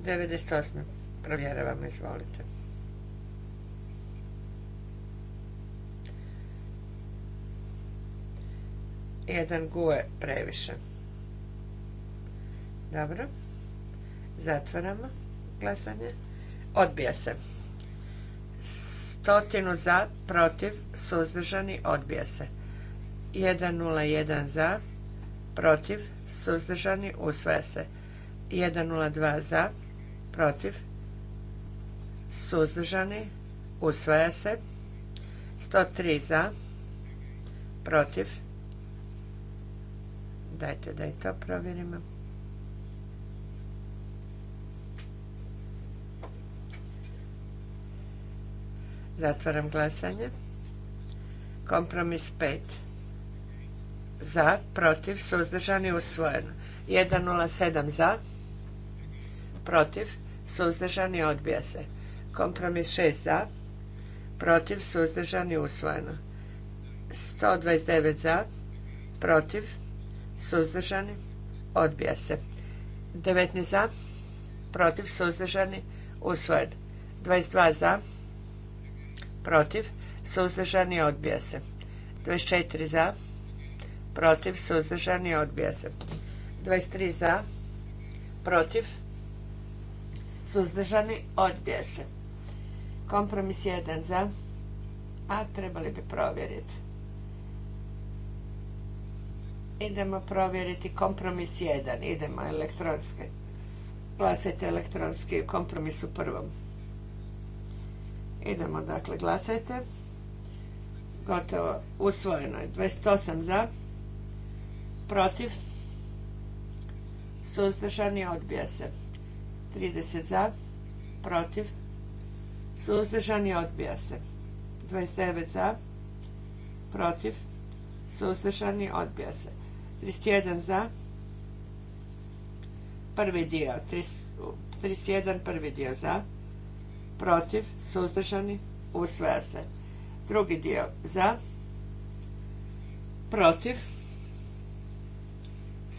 98. Provjeravamo, izvolite. Jedan guje previše. Dobro. Zatvaramo glasanje. Odbija se. Stotinu za, protiv, suzdržani, odbija se. 101 za, protiv, suzdržani, usvaja se. 102 za, protiv, suzdržani, usvaja se. 103 za, protiv. Dajte da i to provjerimo. Zatvaram glasanje. Kompromis 5. Za, protiv, suzdržani, usvojeno. 107 za, protiv, suzdržani, odbija se. Kompromis 6 za, protiv, suzdržan i usvojeno. 129 za, protiv, suzdržani, odbija se. 19 za, protiv, suzdržani, usvojeno. 22 za, protiv, suzdržani, odbija se. 24 za, protiv, suzdržani, odbija se. 23 za, protiv, suzdržani, odbija se. Kompromis 1 za, a trebali bi provjeriti. Idemo provjeriti kompromis 1, idemo elektronski. Glasajte elektronski kompromis u prvom. Idemo dakle, glasajte. Gotovo, usvojeno je. 28 za, protiv, i odbija se. 30 za, protiv, i odbija se. 29 za, protiv, i odbija se. 31 za, prvi dio, 31 prvi dio za, protiv, suzdržani, usvaja se. Drugi dio za, protiv,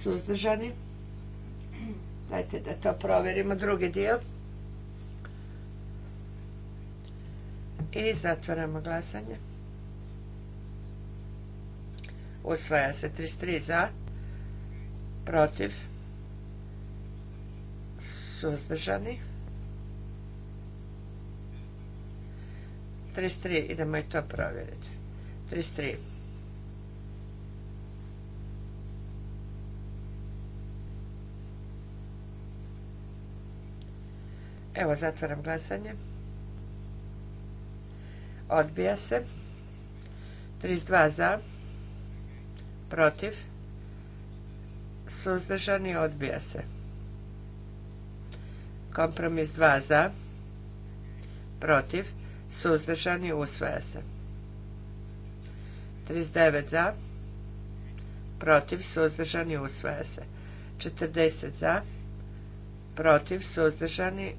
suzdržani. Dajte da to provjerimo. Drugi dio. I zatvaramo glasanje. Usvaja se 33 za, protiv, suzdržanih 33, idemo i to provjeriti. 33. Evo, zatvaram glasanje. Odbija se. 32 za. Protiv. Suzdržani odbija se. Kompromis 2 za. Protiv. Suzdržani usvaja se. 39 za. Protiv suzdržani usvaja se. 40 za. Protiv suzdržani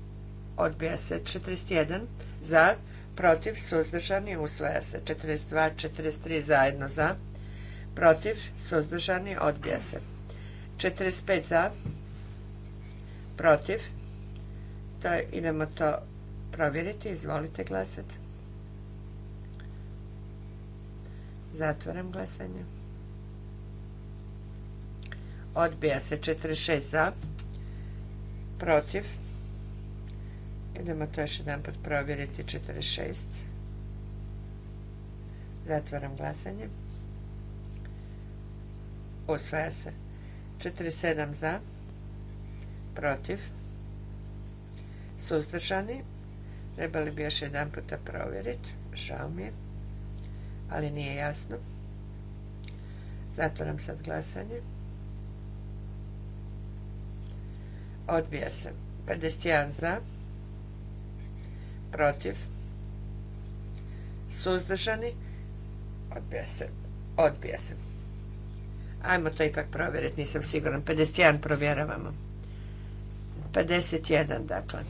odbija se. 41 za. Protiv suzdržani usvaja se. 42, 43 zajedno za. Protiv suzdržani odbija se. 45 za. Protiv. To idemo to provjeriti. Izvolite glasati. Zatvoram glasanje. Odbija se 46 za. Protiv. Idemo to još jedan pot provjeriti. 46. Zatvoram glasanje. Usvaja se. 47 za. Protiv. Suzdržani. Trebali bi još jedan puta provjeriti. Žao mi je. Ali nije jasno. Zatvoram sad glasanje. Odbija se. 51 za. Protiv. Suzdržani. Odbija se. Odbija se. Ajmo to ipak provjeriti, nisam siguran. 51 provjeravamo. 51, dakle.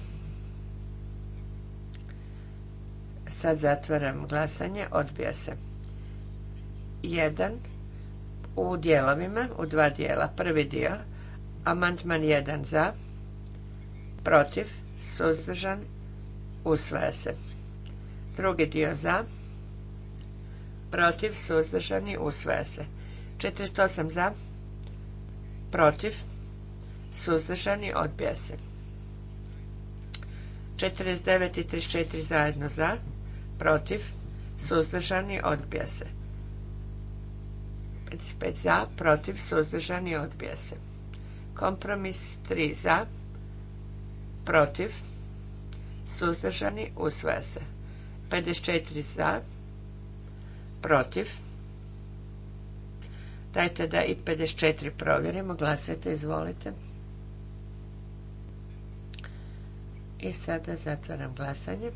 Sad zatvaram glasanje. Odbija se. 1 u dijelovima, u dva dijela. Prvi dio, amantman 1 za, protiv, suzdržan, usvaja se. Drugi dio za, protiv, suzdržani, usvaja se. 408 za, protiv, suzdržani, odbija se. 49 i 34 zajedno za, protiv, suzdržani, odbija se. 55 za, protiv, suzdržani, odbija se. Kompromis 3 za, protiv, suzdržani, usvaja se. 54 za, protiv. Dajte da i 54 provjerimo. Glasajte, izvolite. I sada zatvaram glasanje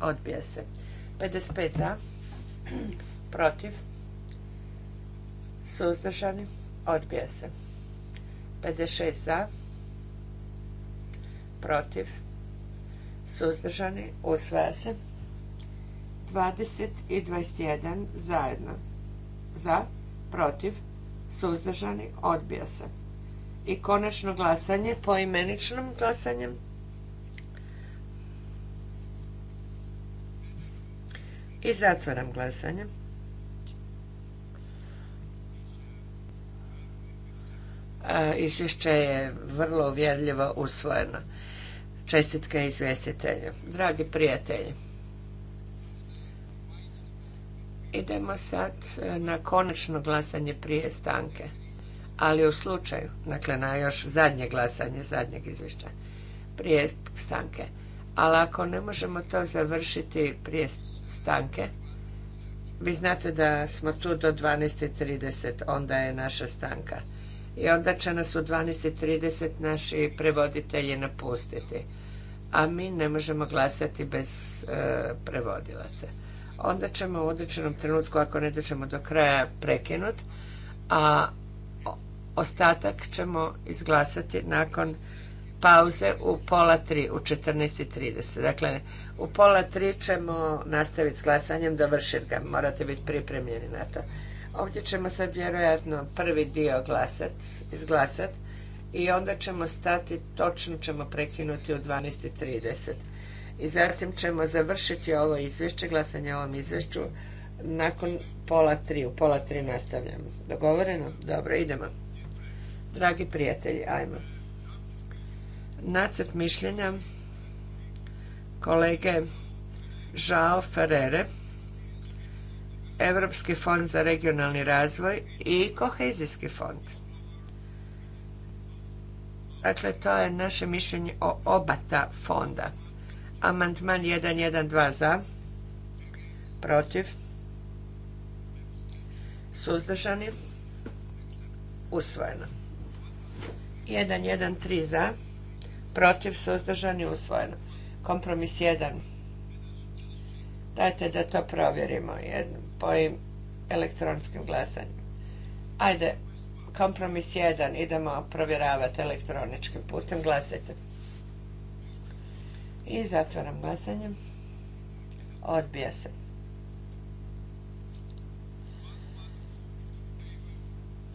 odbija se. 55 za, protiv, suzdržani, odbija se. 56 za, protiv, suzdržani, usvaja se. 20 i 21 zajedno. Za, protiv, suzdržani, odbija se. I konačno glasanje imeničnom glasanjem I zatvaram glasanje. izvješće je vrlo uvjerljivo usvojeno. Čestitke izvjestitelju. Dragi prijatelji, idemo sad e, na konačno glasanje prije stanke. Ali u slučaju, dakle na još zadnje glasanje, zadnjeg izvješća, prije stanke. Ali ako ne možemo to završiti prije stanke. Vi znate da smo tu do 12.30, onda je naša stanka. I onda će nas u 12.30 naši prevoditelji napustiti. A mi ne možemo glasati bez e, prevodilaca. Onda ćemo u određenom trenutku, ako ne doćemo do kraja, prekinut. A ostatak ćemo izglasati nakon pauze u pola tri, u 14.30. Dakle, u pola tri ćemo nastaviti s glasanjem, dovršiti ga. Morate biti pripremljeni na to. Ovdje ćemo sad vjerojatno prvi dio glasat, izglasat i onda ćemo stati, točno ćemo prekinuti u 12.30. I zatim ćemo završiti ovo izvješće, glasanje ovom izvješću, nakon pola tri, u pola tri nastavljamo. Dogovoreno? Dobro, idemo. Dragi prijatelji, ajmo nacrt mišljenja kolege Žao Ferrere, Europski fond za regionalni razvoj i Kohezijski fond. Dakle, to je naše mišljenje o oba ta fonda. Amandman 1.1.2 za, protiv, suzdržani, usvojeno. 1.1.3 za, protiv, suzdržan i usvojeno. Kompromis 1. Dajte da to provjerimo jednom pojim elektronskim glasanjem. Ajde, kompromis 1, idemo provjeravati elektroničkim putem, glasajte. I zatvaram glasanje. Odbija se.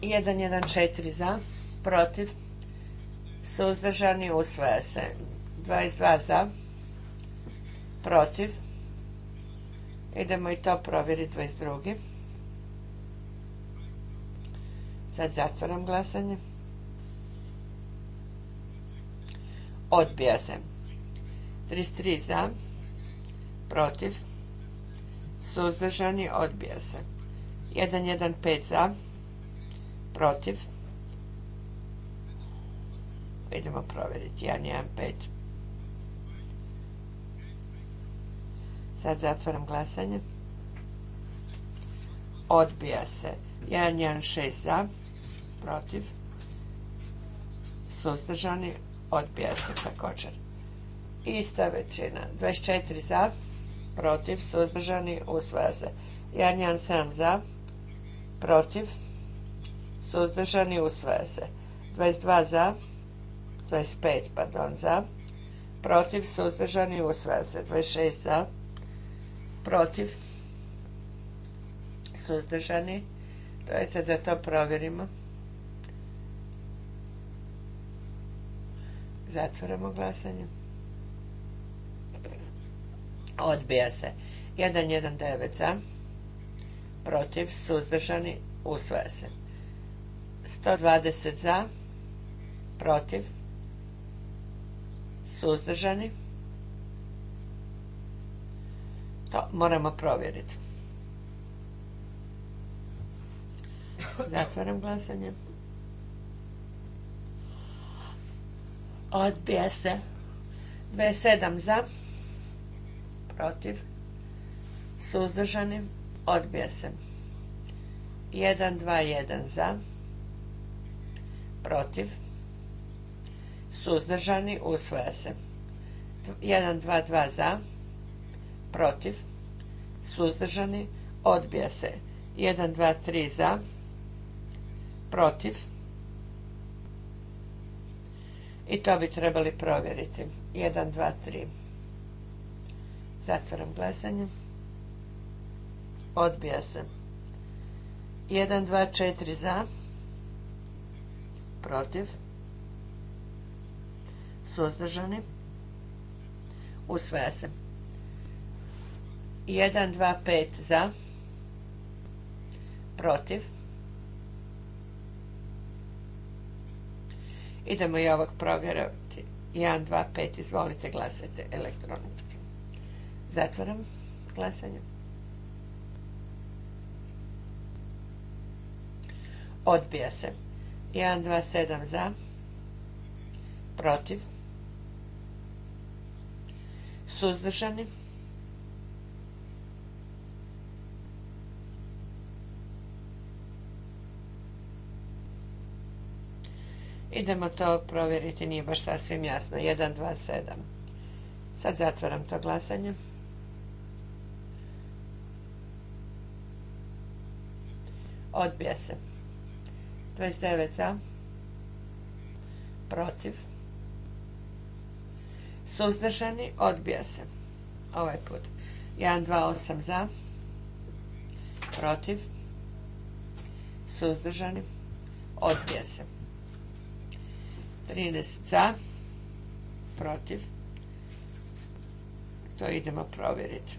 Jedan, jedan, četiri za, protiv, Suzdržani usvaja se. 22 za. Protiv. Idemo i to provjeriti 22. Sad zatvoram glasanje. Odbija se. 33 za. Protiv. Suzdržani odbija se. 115 za. Protiv idemo provjeriti 1.1.5 sad zatvaram glasanje odbija se 1.1.6 za protiv suzdržani odbija se također ista većina 24 za protiv suzdržani usvaja se 1.1.7 za protiv suzdržani usvaja se 22 za 25, pardon, za, protiv, suzdržani, usvaja se. 26 za, protiv, suzdržani. Dajte da to provjerimo. Zatvoramo glasanje. Odbija se. 119 za, protiv, suzdržani, usvaja se. 120 za, protiv, Suzdržani? To moramo provjeriti. Zatvaram glasanje. Odbija se. 27 za. Protiv. Suzdržani. Odbija se. 1, 2, 1 za. Protiv suzdržani, usvaja se. 2 za, protiv, suzdržani, odbija se. 1, 2, 3 za, protiv. I to bi trebali provjeriti. 1, 2, 3. Zatvaram glasanje. Odbija se. 1, 2, 4 za. Protiv suzdržani, usvaja se. 1, 2, 5 za, protiv. Idemo i ovog provjerati. 1, 2, 5, izvolite, glasajte elektronički. Zatvoram glasanje. Odbija se. 1, 2, 7 za, protiv. Suzdržani? Idemo to provjeriti, nije baš sasvim jasno. 1, 2, 7. Sad zatvaram to glasanje. Odbija se. 29 za. Protiv. Protiv suzdržani, odbija se. Ovaj put. 1, 2, 8 za, protiv, suzdržani, odbija se. 13 za, protiv, to idemo provjeriti.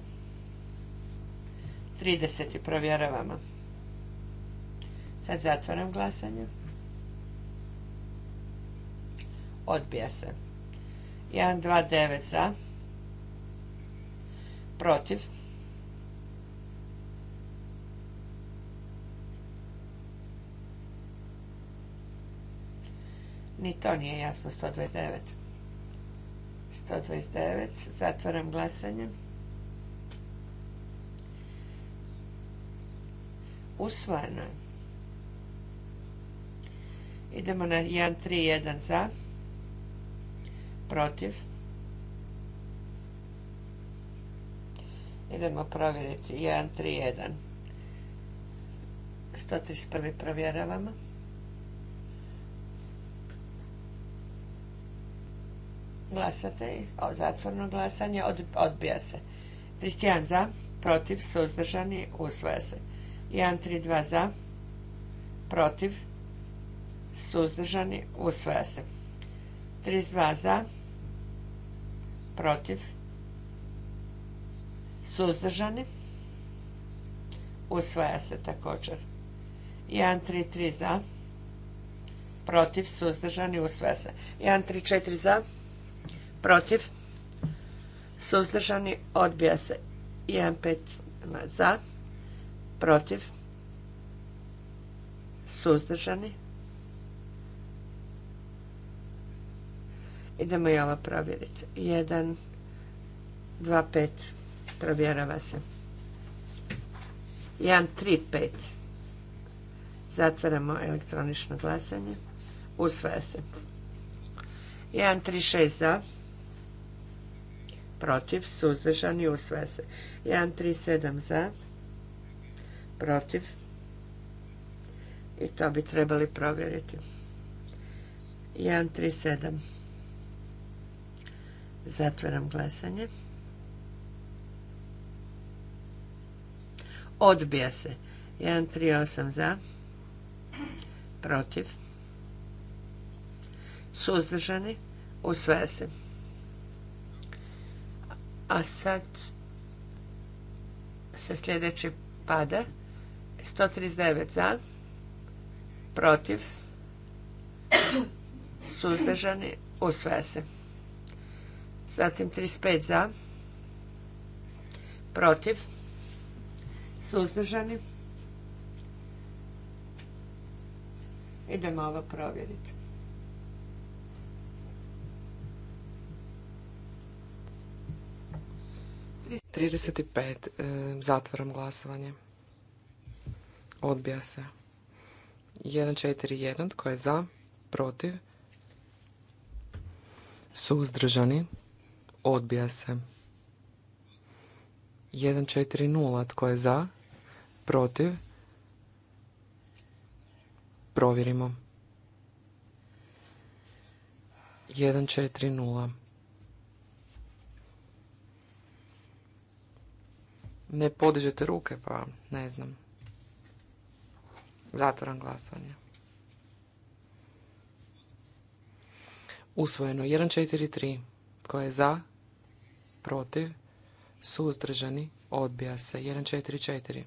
30 provjeravamo. Sad zatvaram glasanje. Odbija se. 1-2-9 za protiv ni to nije jasno 129 129 zatvoram glasanje usvojeno idemo na 1-3-1 za protiv protiv. Idemo provjeriti. 1, 3, 1. 131. provjeravamo. Glasate. Zatvorno glasanje odbija se. 31 za, protiv, suzdržani, Usvoja se. 1, 3, 2 za, protiv, suzdržani, Usvoja se. 32 za, protiv, suzdržani, usvaja se također. 1-3-3 za, protiv, suzdržani, usvaja se. 134 za, protiv, suzdržani, odbija se. 1-5 za, protiv, suzdržani, Idemo i ovo provjeriti. 1, 2, 5. Provjerava se. 1, 3, 5. Zatvaramo elektronično glasanje. Usvaja se. 1, 3, 6 za. Protiv. Suzdržan i Usvaja se. 1, 3, 7 za. Protiv. I to bi trebali provjeriti. 1, 3, 7. Zatvaram glasanje. Odbija se. 1, 3, 138 za. Protiv. Suzdržani. Usvaja se. A sad se sljedeći pada. 139 za. Protiv. Suzdržani. Usvaja se. Zatim 35 za. Protiv. Suzdržani. Idemo ovo provjeriti. Trideset pet e, zatvaram glasovanje. Odbija se. jedan. Tko je za? Protiv? Suzdržani? Odbija se. 1, 4, 0. Tko je za? Protiv? Provjerimo. 1, 4, 0. Ne podižete ruke, pa ne znam. Zatvoram glasovanje. Usvojeno. 1, 4, 3. Tko je za? protiv, suzdržani, odbija se. 144.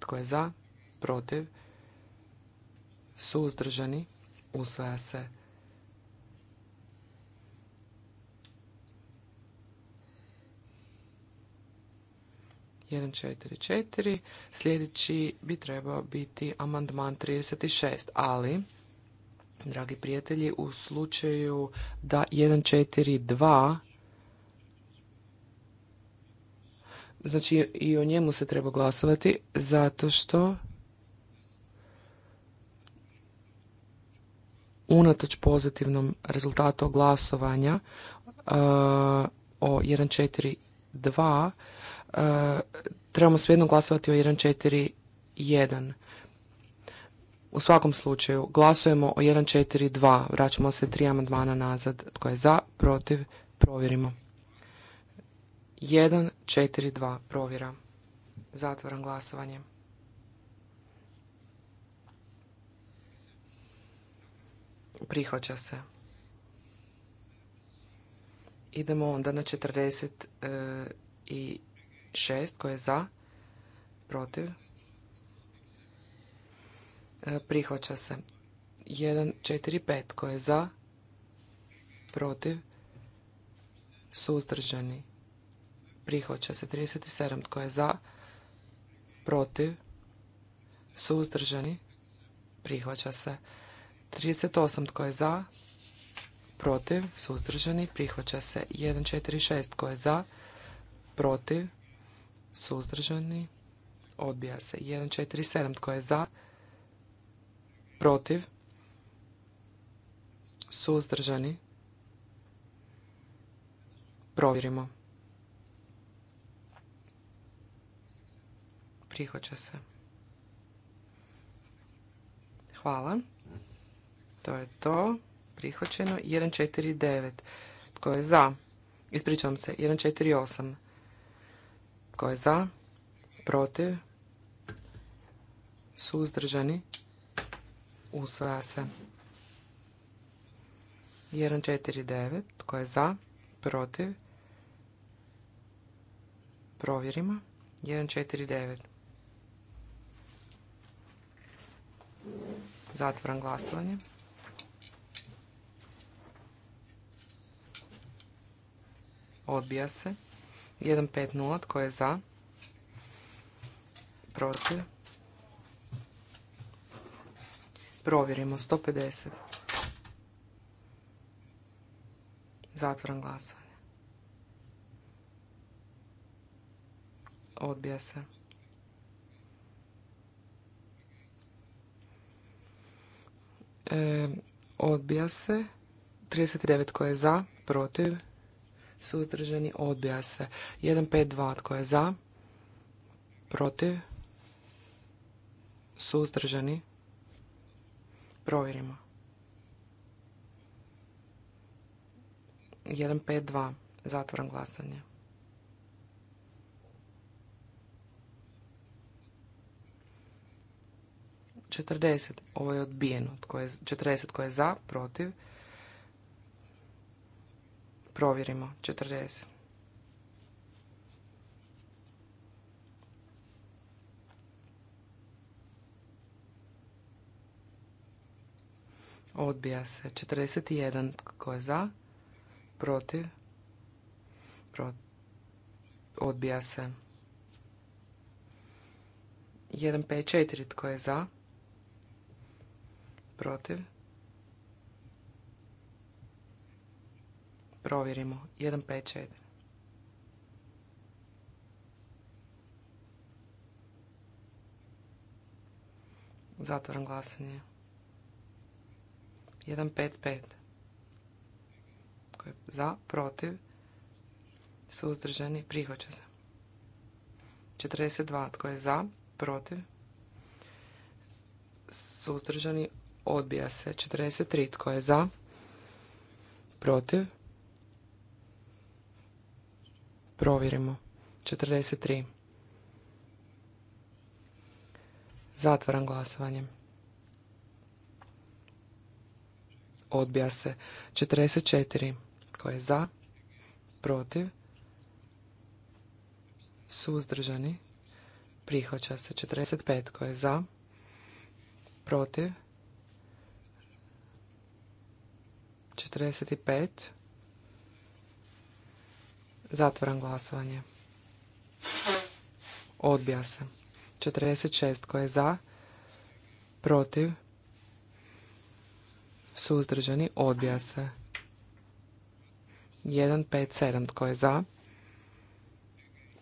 Tko je za, protiv, suzdržani, usvaja se. jedan sljedeći bi trebao biti amandman 36 ali dragi prijatelji u slučaju da 142 Znači i o njemu se treba glasovati zato što unatoč pozitivnom rezultatu glasovanja uh, o 1.4.2 uh, trebamo svejedno glasovati o 1.4.1. U svakom slučaju glasujemo o 1.4.2. Vraćamo se tri amandmana nazad. Tko je za, protiv, provjerimo. 1-4-2. Provjera. Zatvoram glasovanje. Prihvaća se. Idemo onda na 46 e, koje je za, protiv. E, prihvaća se. 1-4-5 koje je za, protiv. Suzdržani. 1 4 prihvaća se 37 tko je za, protiv, suzdržani, prihvaća se 38 tko je za, protiv, suzdržani, prihvaća se 146 tko je za, protiv, suzdržani, odbija se 147 tko je za, protiv, suzdržani, provjerimo. Prihvaća se. Hvala. To je to. Prihvaćeno. 149. Tko je za? Ispričavam se. 148. Tko je za? Protiv? Suzdržani? Usvaja se. 149. Tko je za? Protiv? Provjerimo. 149. Zatvoram glasovanje. Odbija se. 150 tko je za? Protiv. Provjerimo 150. Zatvoram glasovanje. Odbija se. E, odbija se. 39 koje je za, protiv, suzdržani, odbija se. 152 tko je za, protiv, suzdržani, provjerimo. 152, zatvoram glasanje. 40. Ovo je odbijeno. Tko je, 40. koje je za? Protiv? Provjerimo. 40. Odbija se. 41. koje je za? Protiv? Odbija se. 1, 5, 4. Tko je za? protiv. Provjerimo. 1, 5, 4. Zatvoram glasanje. 1-5-5. Koji za, protiv, suzdržani, prihvaća se. 42. Koji je za, protiv, suzdržani, odbija se. 43 tko je za, protiv, provjerimo. 43. Zatvaram glasovanje. Odbija se. 44. Tko je za? Protiv? Suzdržani? Prihvaća se. 45. Tko je za? Protiv? 45. Zatvaram glasovanje. Odbija se. 46. Tko je za? Protiv? Suzdržani? Odbija se. 157. Tko je za?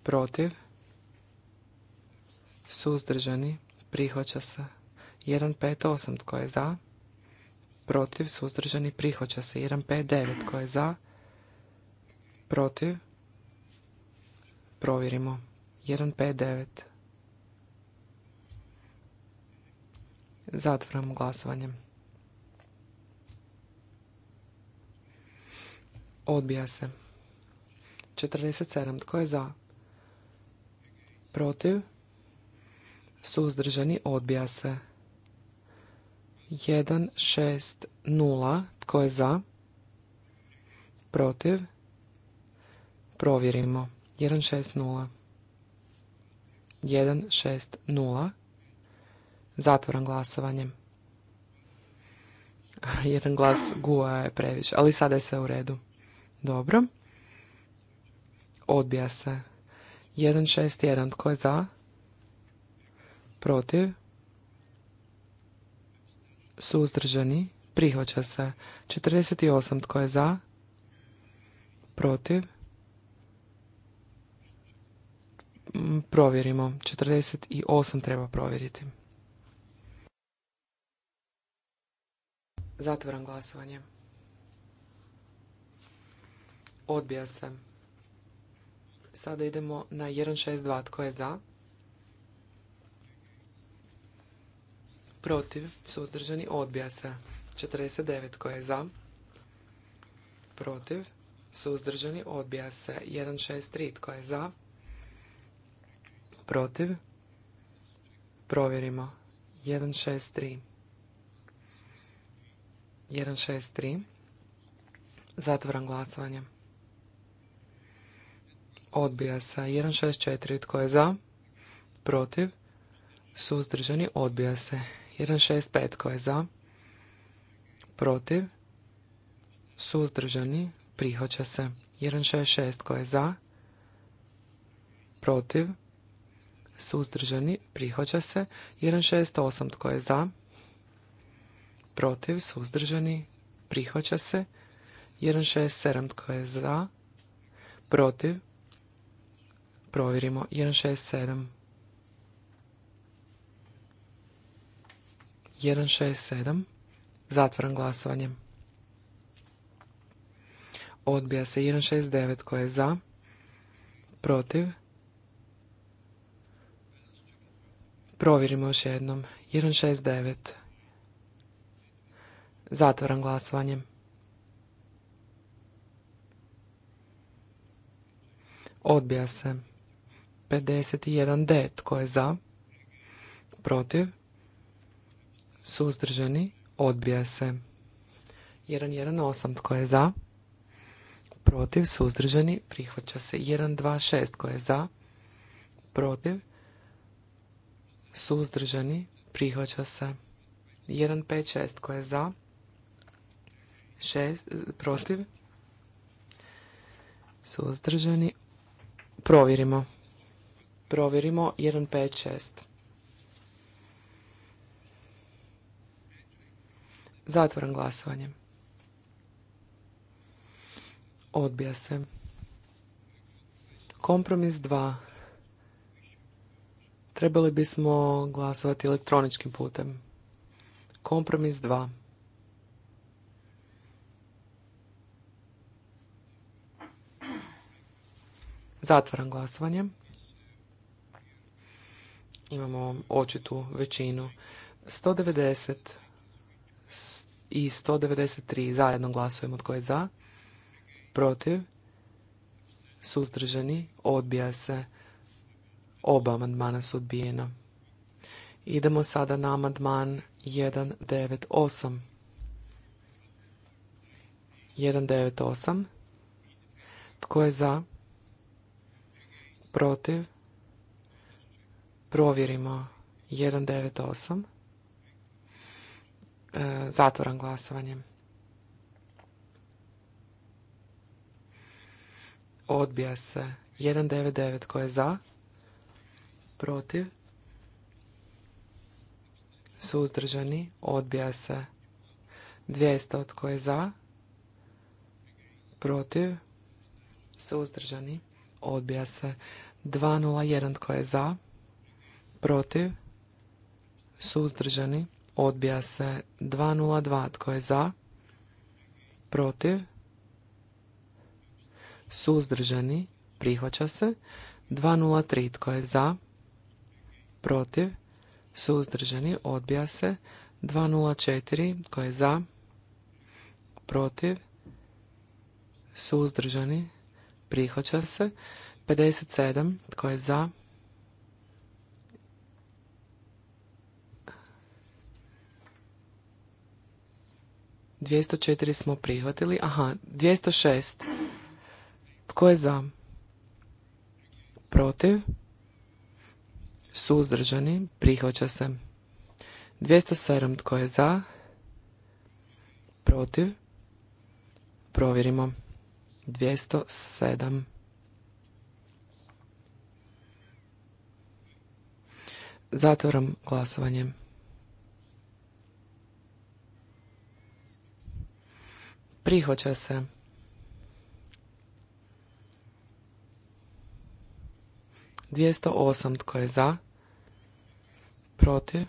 Protiv? Suzdržani? Prihvaća se. 158. Tko je za? protiv, suzdržani, prihvaća se. 159 tko je za, protiv, provjerimo. 159. zatvaramo glasovanje. Odbija se. 47. Tko je za? Protiv? Suzdržani odbija se. 160. Tko je za? Protiv? Provjerimo. 160. 160. Zatvoram glasovanjem. Jedan glas guja je previše, ali sada je sve u redu. Dobro. Odbija se. 161. Tko je za? Protiv? suzdržani, prihvaća se. 48 tko je za, protiv, mm, provjerimo. 48 treba provjeriti. Zatvoram glasovanje. Odbija se. Sada idemo na 162. Tko je za? protiv, suzdržani, odbija se. 49 koje je za, protiv, suzdržani, odbija se. 163 tko je za, protiv, provjerimo. 163. 163. Zatvoram glasovanje. Odbija se. 164. Tko je za? Protiv? Suzdržani. Odbija se. 165 tko je za? Protiv? Suzdržani? prihoća se. 166 tko je za? Protiv? Suzdržani? prihoća se. 168 tko je za? Protiv? Suzdržani? prihoća se. 167 tko je za? Protiv? Provjerimo. 167. 167. Zatvaram glasovanje. Odbija se 169 koje je za, protiv. Provjerimo još jednom. 169. Zatvaram glasovanje. Odbija se. 51 det koje je za? Protiv? suzdržani, odbija se. 118 tko je za, protiv, suzdržani, prihvaća se. 126 tko je za, protiv, suzdržani, prihvaća se. 156 tko je za, 6 protiv, suzdržani, provjerimo. Provjerimo 156. Zatvoram glasovanje. Odbija se. Kompromis 2. Trebali bismo glasovati elektroničkim putem. Kompromis 2. Zatvaram glasovanje. Imamo očitu većinu. 190 i 193 zajedno glasujemo tko je za, protiv, suzdržani, odbija se. Oba amandmana su odbijena. Idemo sada na amandman 198. 198. Tko je za? Protiv? Provjerimo 198. E, zatvoran glasovanjem. Odbija se. 199 tko je za? Protiv? Suzdržani? Odbija se. 200 tko je za? Protiv? Suzdržani? Odbija se. 201 tko je za? Protiv? Suzdržani? odbija se 202 tko je za protiv suzdržani prihvaća se 203 tko je za protiv suzdržani odbija se 204 tko je za protiv suzdržani prihvaća se 57 tko je za 204 smo prihvatili. Aha, 206. Tko je za? Protiv? Suzdržani? Prihvaća se. 207. Tko je za? Protiv? Provjerimo. 207. Zatvoram glasovanjem. Prihvaća se. 208 osam tko je za? Protiv?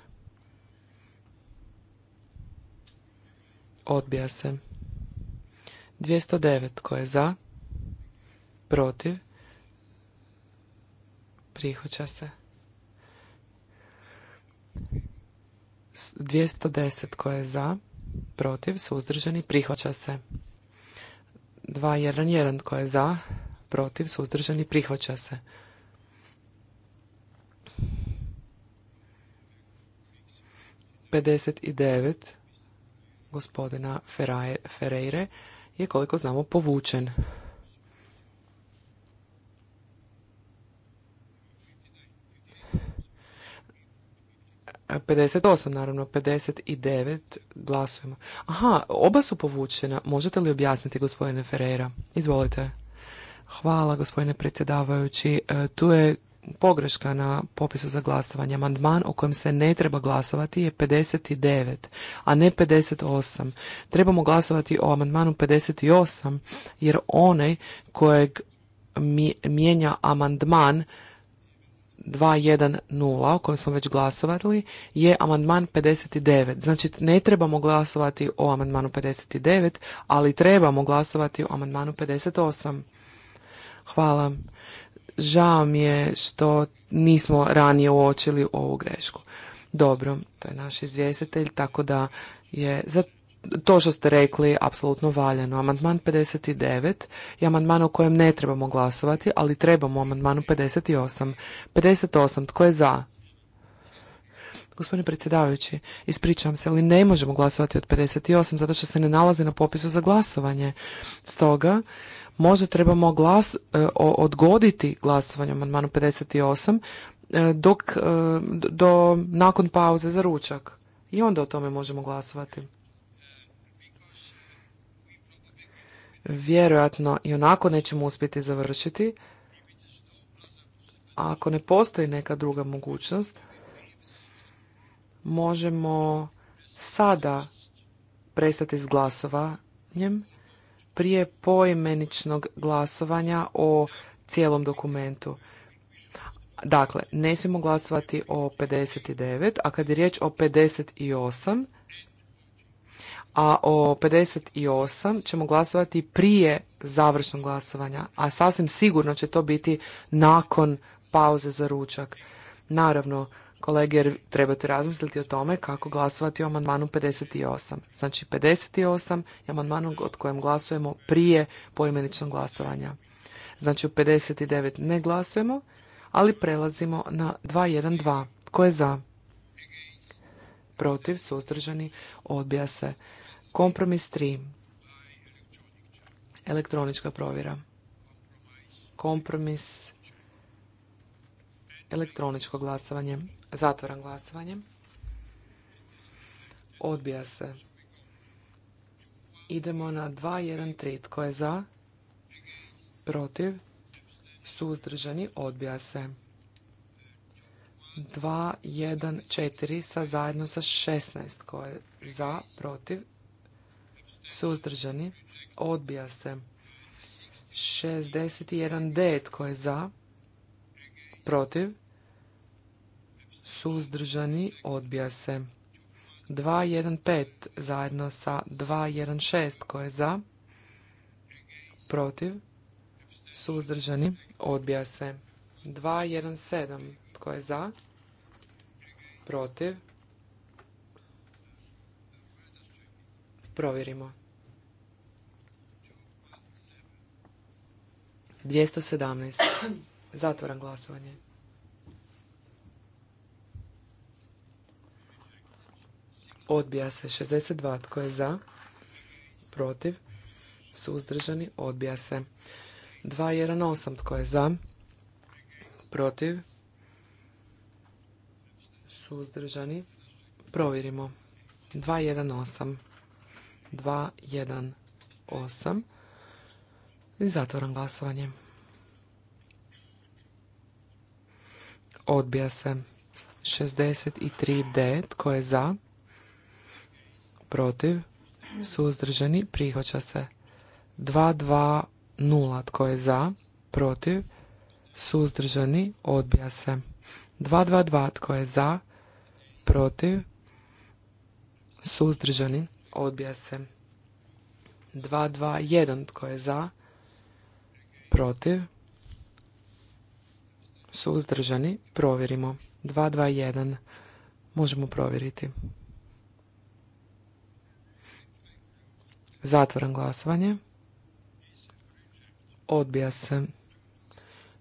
Odbija se. 209 tko je za? Protiv? Prihvaća se. 210 tko je za? protiv, suzdržani, prihvaća se. 211 ko je za, protiv, suzdržani, prihvaća se. 59. devet gospodina Ferreire je koliko znamo povučen. 58, naravno, 59 glasujemo. Aha, oba su povučena. Možete li objasniti, gospodine Ferreira? Izvolite. Hvala, gospodine predsjedavajući. E, tu je pogreška na popisu za glasovanje. Amandman o kojem se ne treba glasovati je 59, a ne 58. Trebamo glasovati o amandmanu 58, jer onaj kojeg mijenja amandman 210 o kojem smo već glasovali je amandman 59. Znači ne trebamo glasovati o amandmanu 59, ali trebamo glasovati o amandmanu 58. Hvala. Žao mi je što nismo ranije uočili ovu grešku. Dobro, to je naš izvjestitelj, tako da je za to što ste rekli apsolutno valjano. Amandman 59 je amandman o kojem ne trebamo glasovati, ali trebamo amandmanu 58. 58. Tko je za? Gospodine predsjedavajući, ispričavam se, ali ne možemo glasovati od 58 zato što se ne nalazi na popisu za glasovanje. Stoga, možda trebamo glas, e, odgoditi glasovanje amandmanu 58 e, dok, e, do, nakon pauze za ručak. I onda o tome možemo glasovati. vjerojatno i onako nećemo uspjeti završiti. A ako ne postoji neka druga mogućnost, možemo sada prestati s glasovanjem prije poimeničnog glasovanja o cijelom dokumentu. Dakle, ne smijemo glasovati o 59, a kad je riječ o 58, a o 58 ćemo glasovati prije završnog glasovanja, a sasvim sigurno će to biti nakon pauze za ručak. Naravno, kolege, jer trebate razmisliti o tome kako glasovati o amandmanu 58. Znači 58 je amandman od kojem glasujemo prije poimeničnog glasovanja. Znači u 59 ne glasujemo, ali prelazimo na 212. Tko je za? Protiv, suzdržani, odbija se. Kompromis 3. Elektronička provjera. Kompromis elektroničko glasovanje. Zatvaram glasovanje. Odbija se. Idemo na 2.1.3. Tko je za? Protiv? Suzdržani? Odbija se. 2.1.4 sa zajedno sa 16. Tko je za? Protiv? suzdržani, odbija se. 61D tko je za, protiv, suzdržani, odbija se. 215 zajedno sa 216 tko je za, protiv, suzdržani, odbija se. 217 tko je za, protiv, provjerimo. 217. Zatvoram glasovanje. Odbija se 62. Tko je za? Protiv? Suzdržani? Odbija se. 218. Tko je za? Protiv? Suzdržani? Provjerimo. 218. 218. Zatvoram glasovanje. Odbija se. 63D. Tko je za? Protiv? Suzdržani? Prihvaća se. 220. Tko je za? Protiv? Suzdržani? Odbija se. 222. Tko je za? Protiv? Suzdržani? Odbija se. 221. Tko je za? protiv? Suzdržani? Provjerimo. 2, 2, 1. Možemo provjeriti. Zatvoram glasovanje. Odbija se. 2,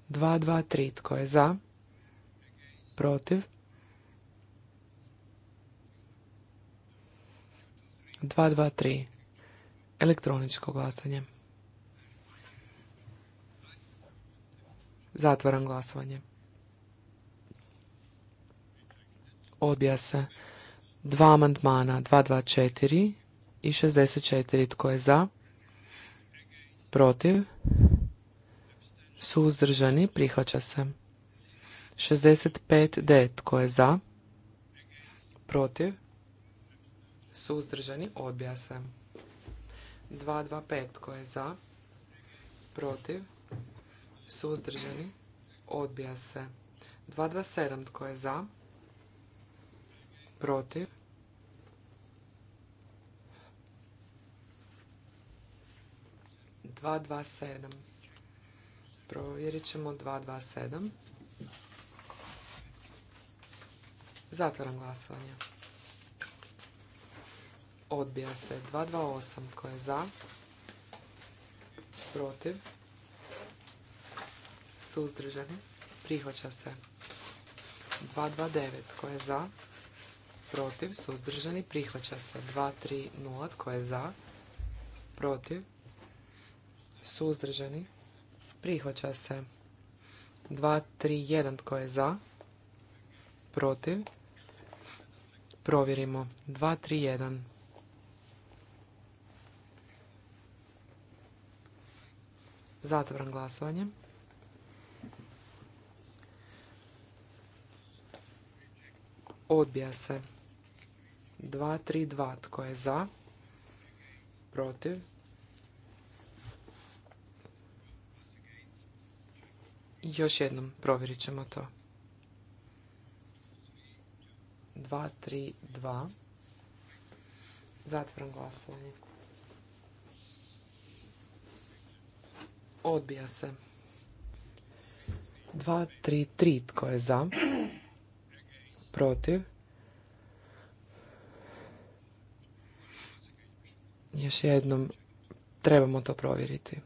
2, 3. Tko je za? Protiv? 2, 2, 3. Elektroničko glasovanje. glasovanje. Zatvaram glasovanje. Odbija se. Dva amandmana, 224 i 64. Tko je za? Protiv? Suzdržani? Prihvaća se. 65D. Tko je za? Protiv? Suzdržani? Odbija se. 225. Tko je za? Protiv? suzdržani, odbija se. 227 tko je za, protiv, dva dva sedam provjerit ćemo 227 zatvaram glasovanje odbija se 228 tko je za protiv suzdržani, prihvaća se. 229 tko je za, protiv, suzdržani, prihvaća se. 230 tko je za, protiv, suzdržani, prihvaća se. 231 tko je za, protiv, provjerimo. 231 Zatvaram glasovanjem Odbija se. 232. Tko je za? Protiv? Još jednom provjerit ćemo to. 232. Zatvoram glasovanje. Odbija se. 233. Tko je za? protiv. Još jednom, trebamo to provjeriti.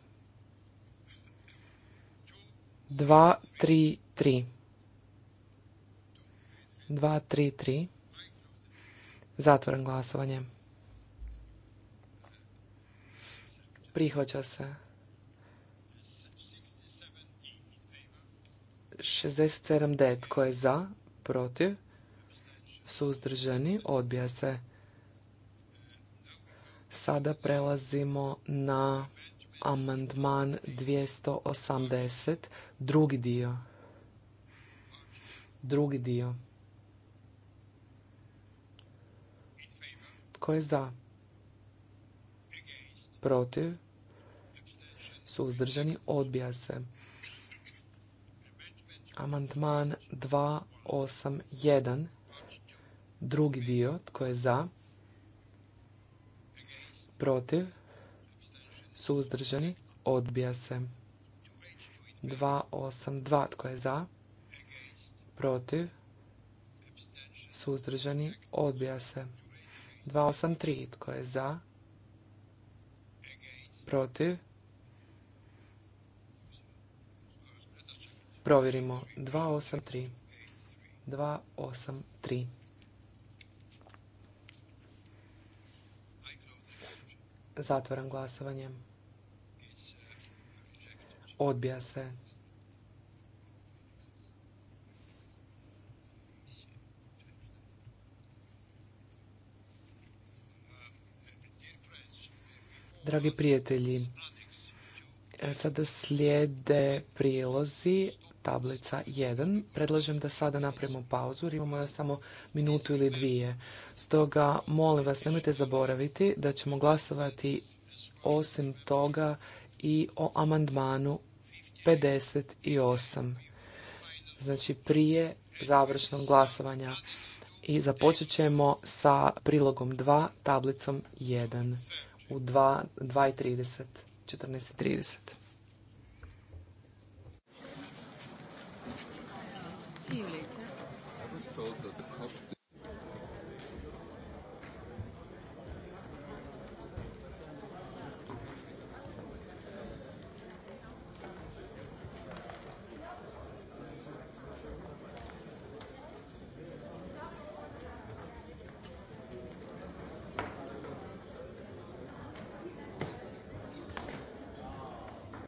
2, 3, 3. 2, 3, 3. Zatvoren glasovanje. Prihvaća se. 67D. Tko je za? Protiv? suzdržani, odbija se. Sada prelazimo na amandman 280, drugi dio. Drugi dio. Tko je za? Protiv? Suzdržani, odbija se. Amandman 281. Drugi dio, tko je za, protiv, suzdržani, odbija se. 282, tko je za, protiv, suzdržani, odbija se. 283, tko je za, protiv, provjerimo, 283, 283. Zatvaram glasovanje. Odbija se. Dragi prijatelji, e, sada slijede prilozi tablica 1. Predlažem da sada napravimo pauzu jer imamo samo minutu ili dvije. Stoga molim vas nemojte zaboraviti da ćemo glasovati osim toga i o amandmanu 58. Znači prije završnog glasovanja. I započet ćemo sa prilogom 2, tablicom 1 u 2.30, 14.30. seemingly.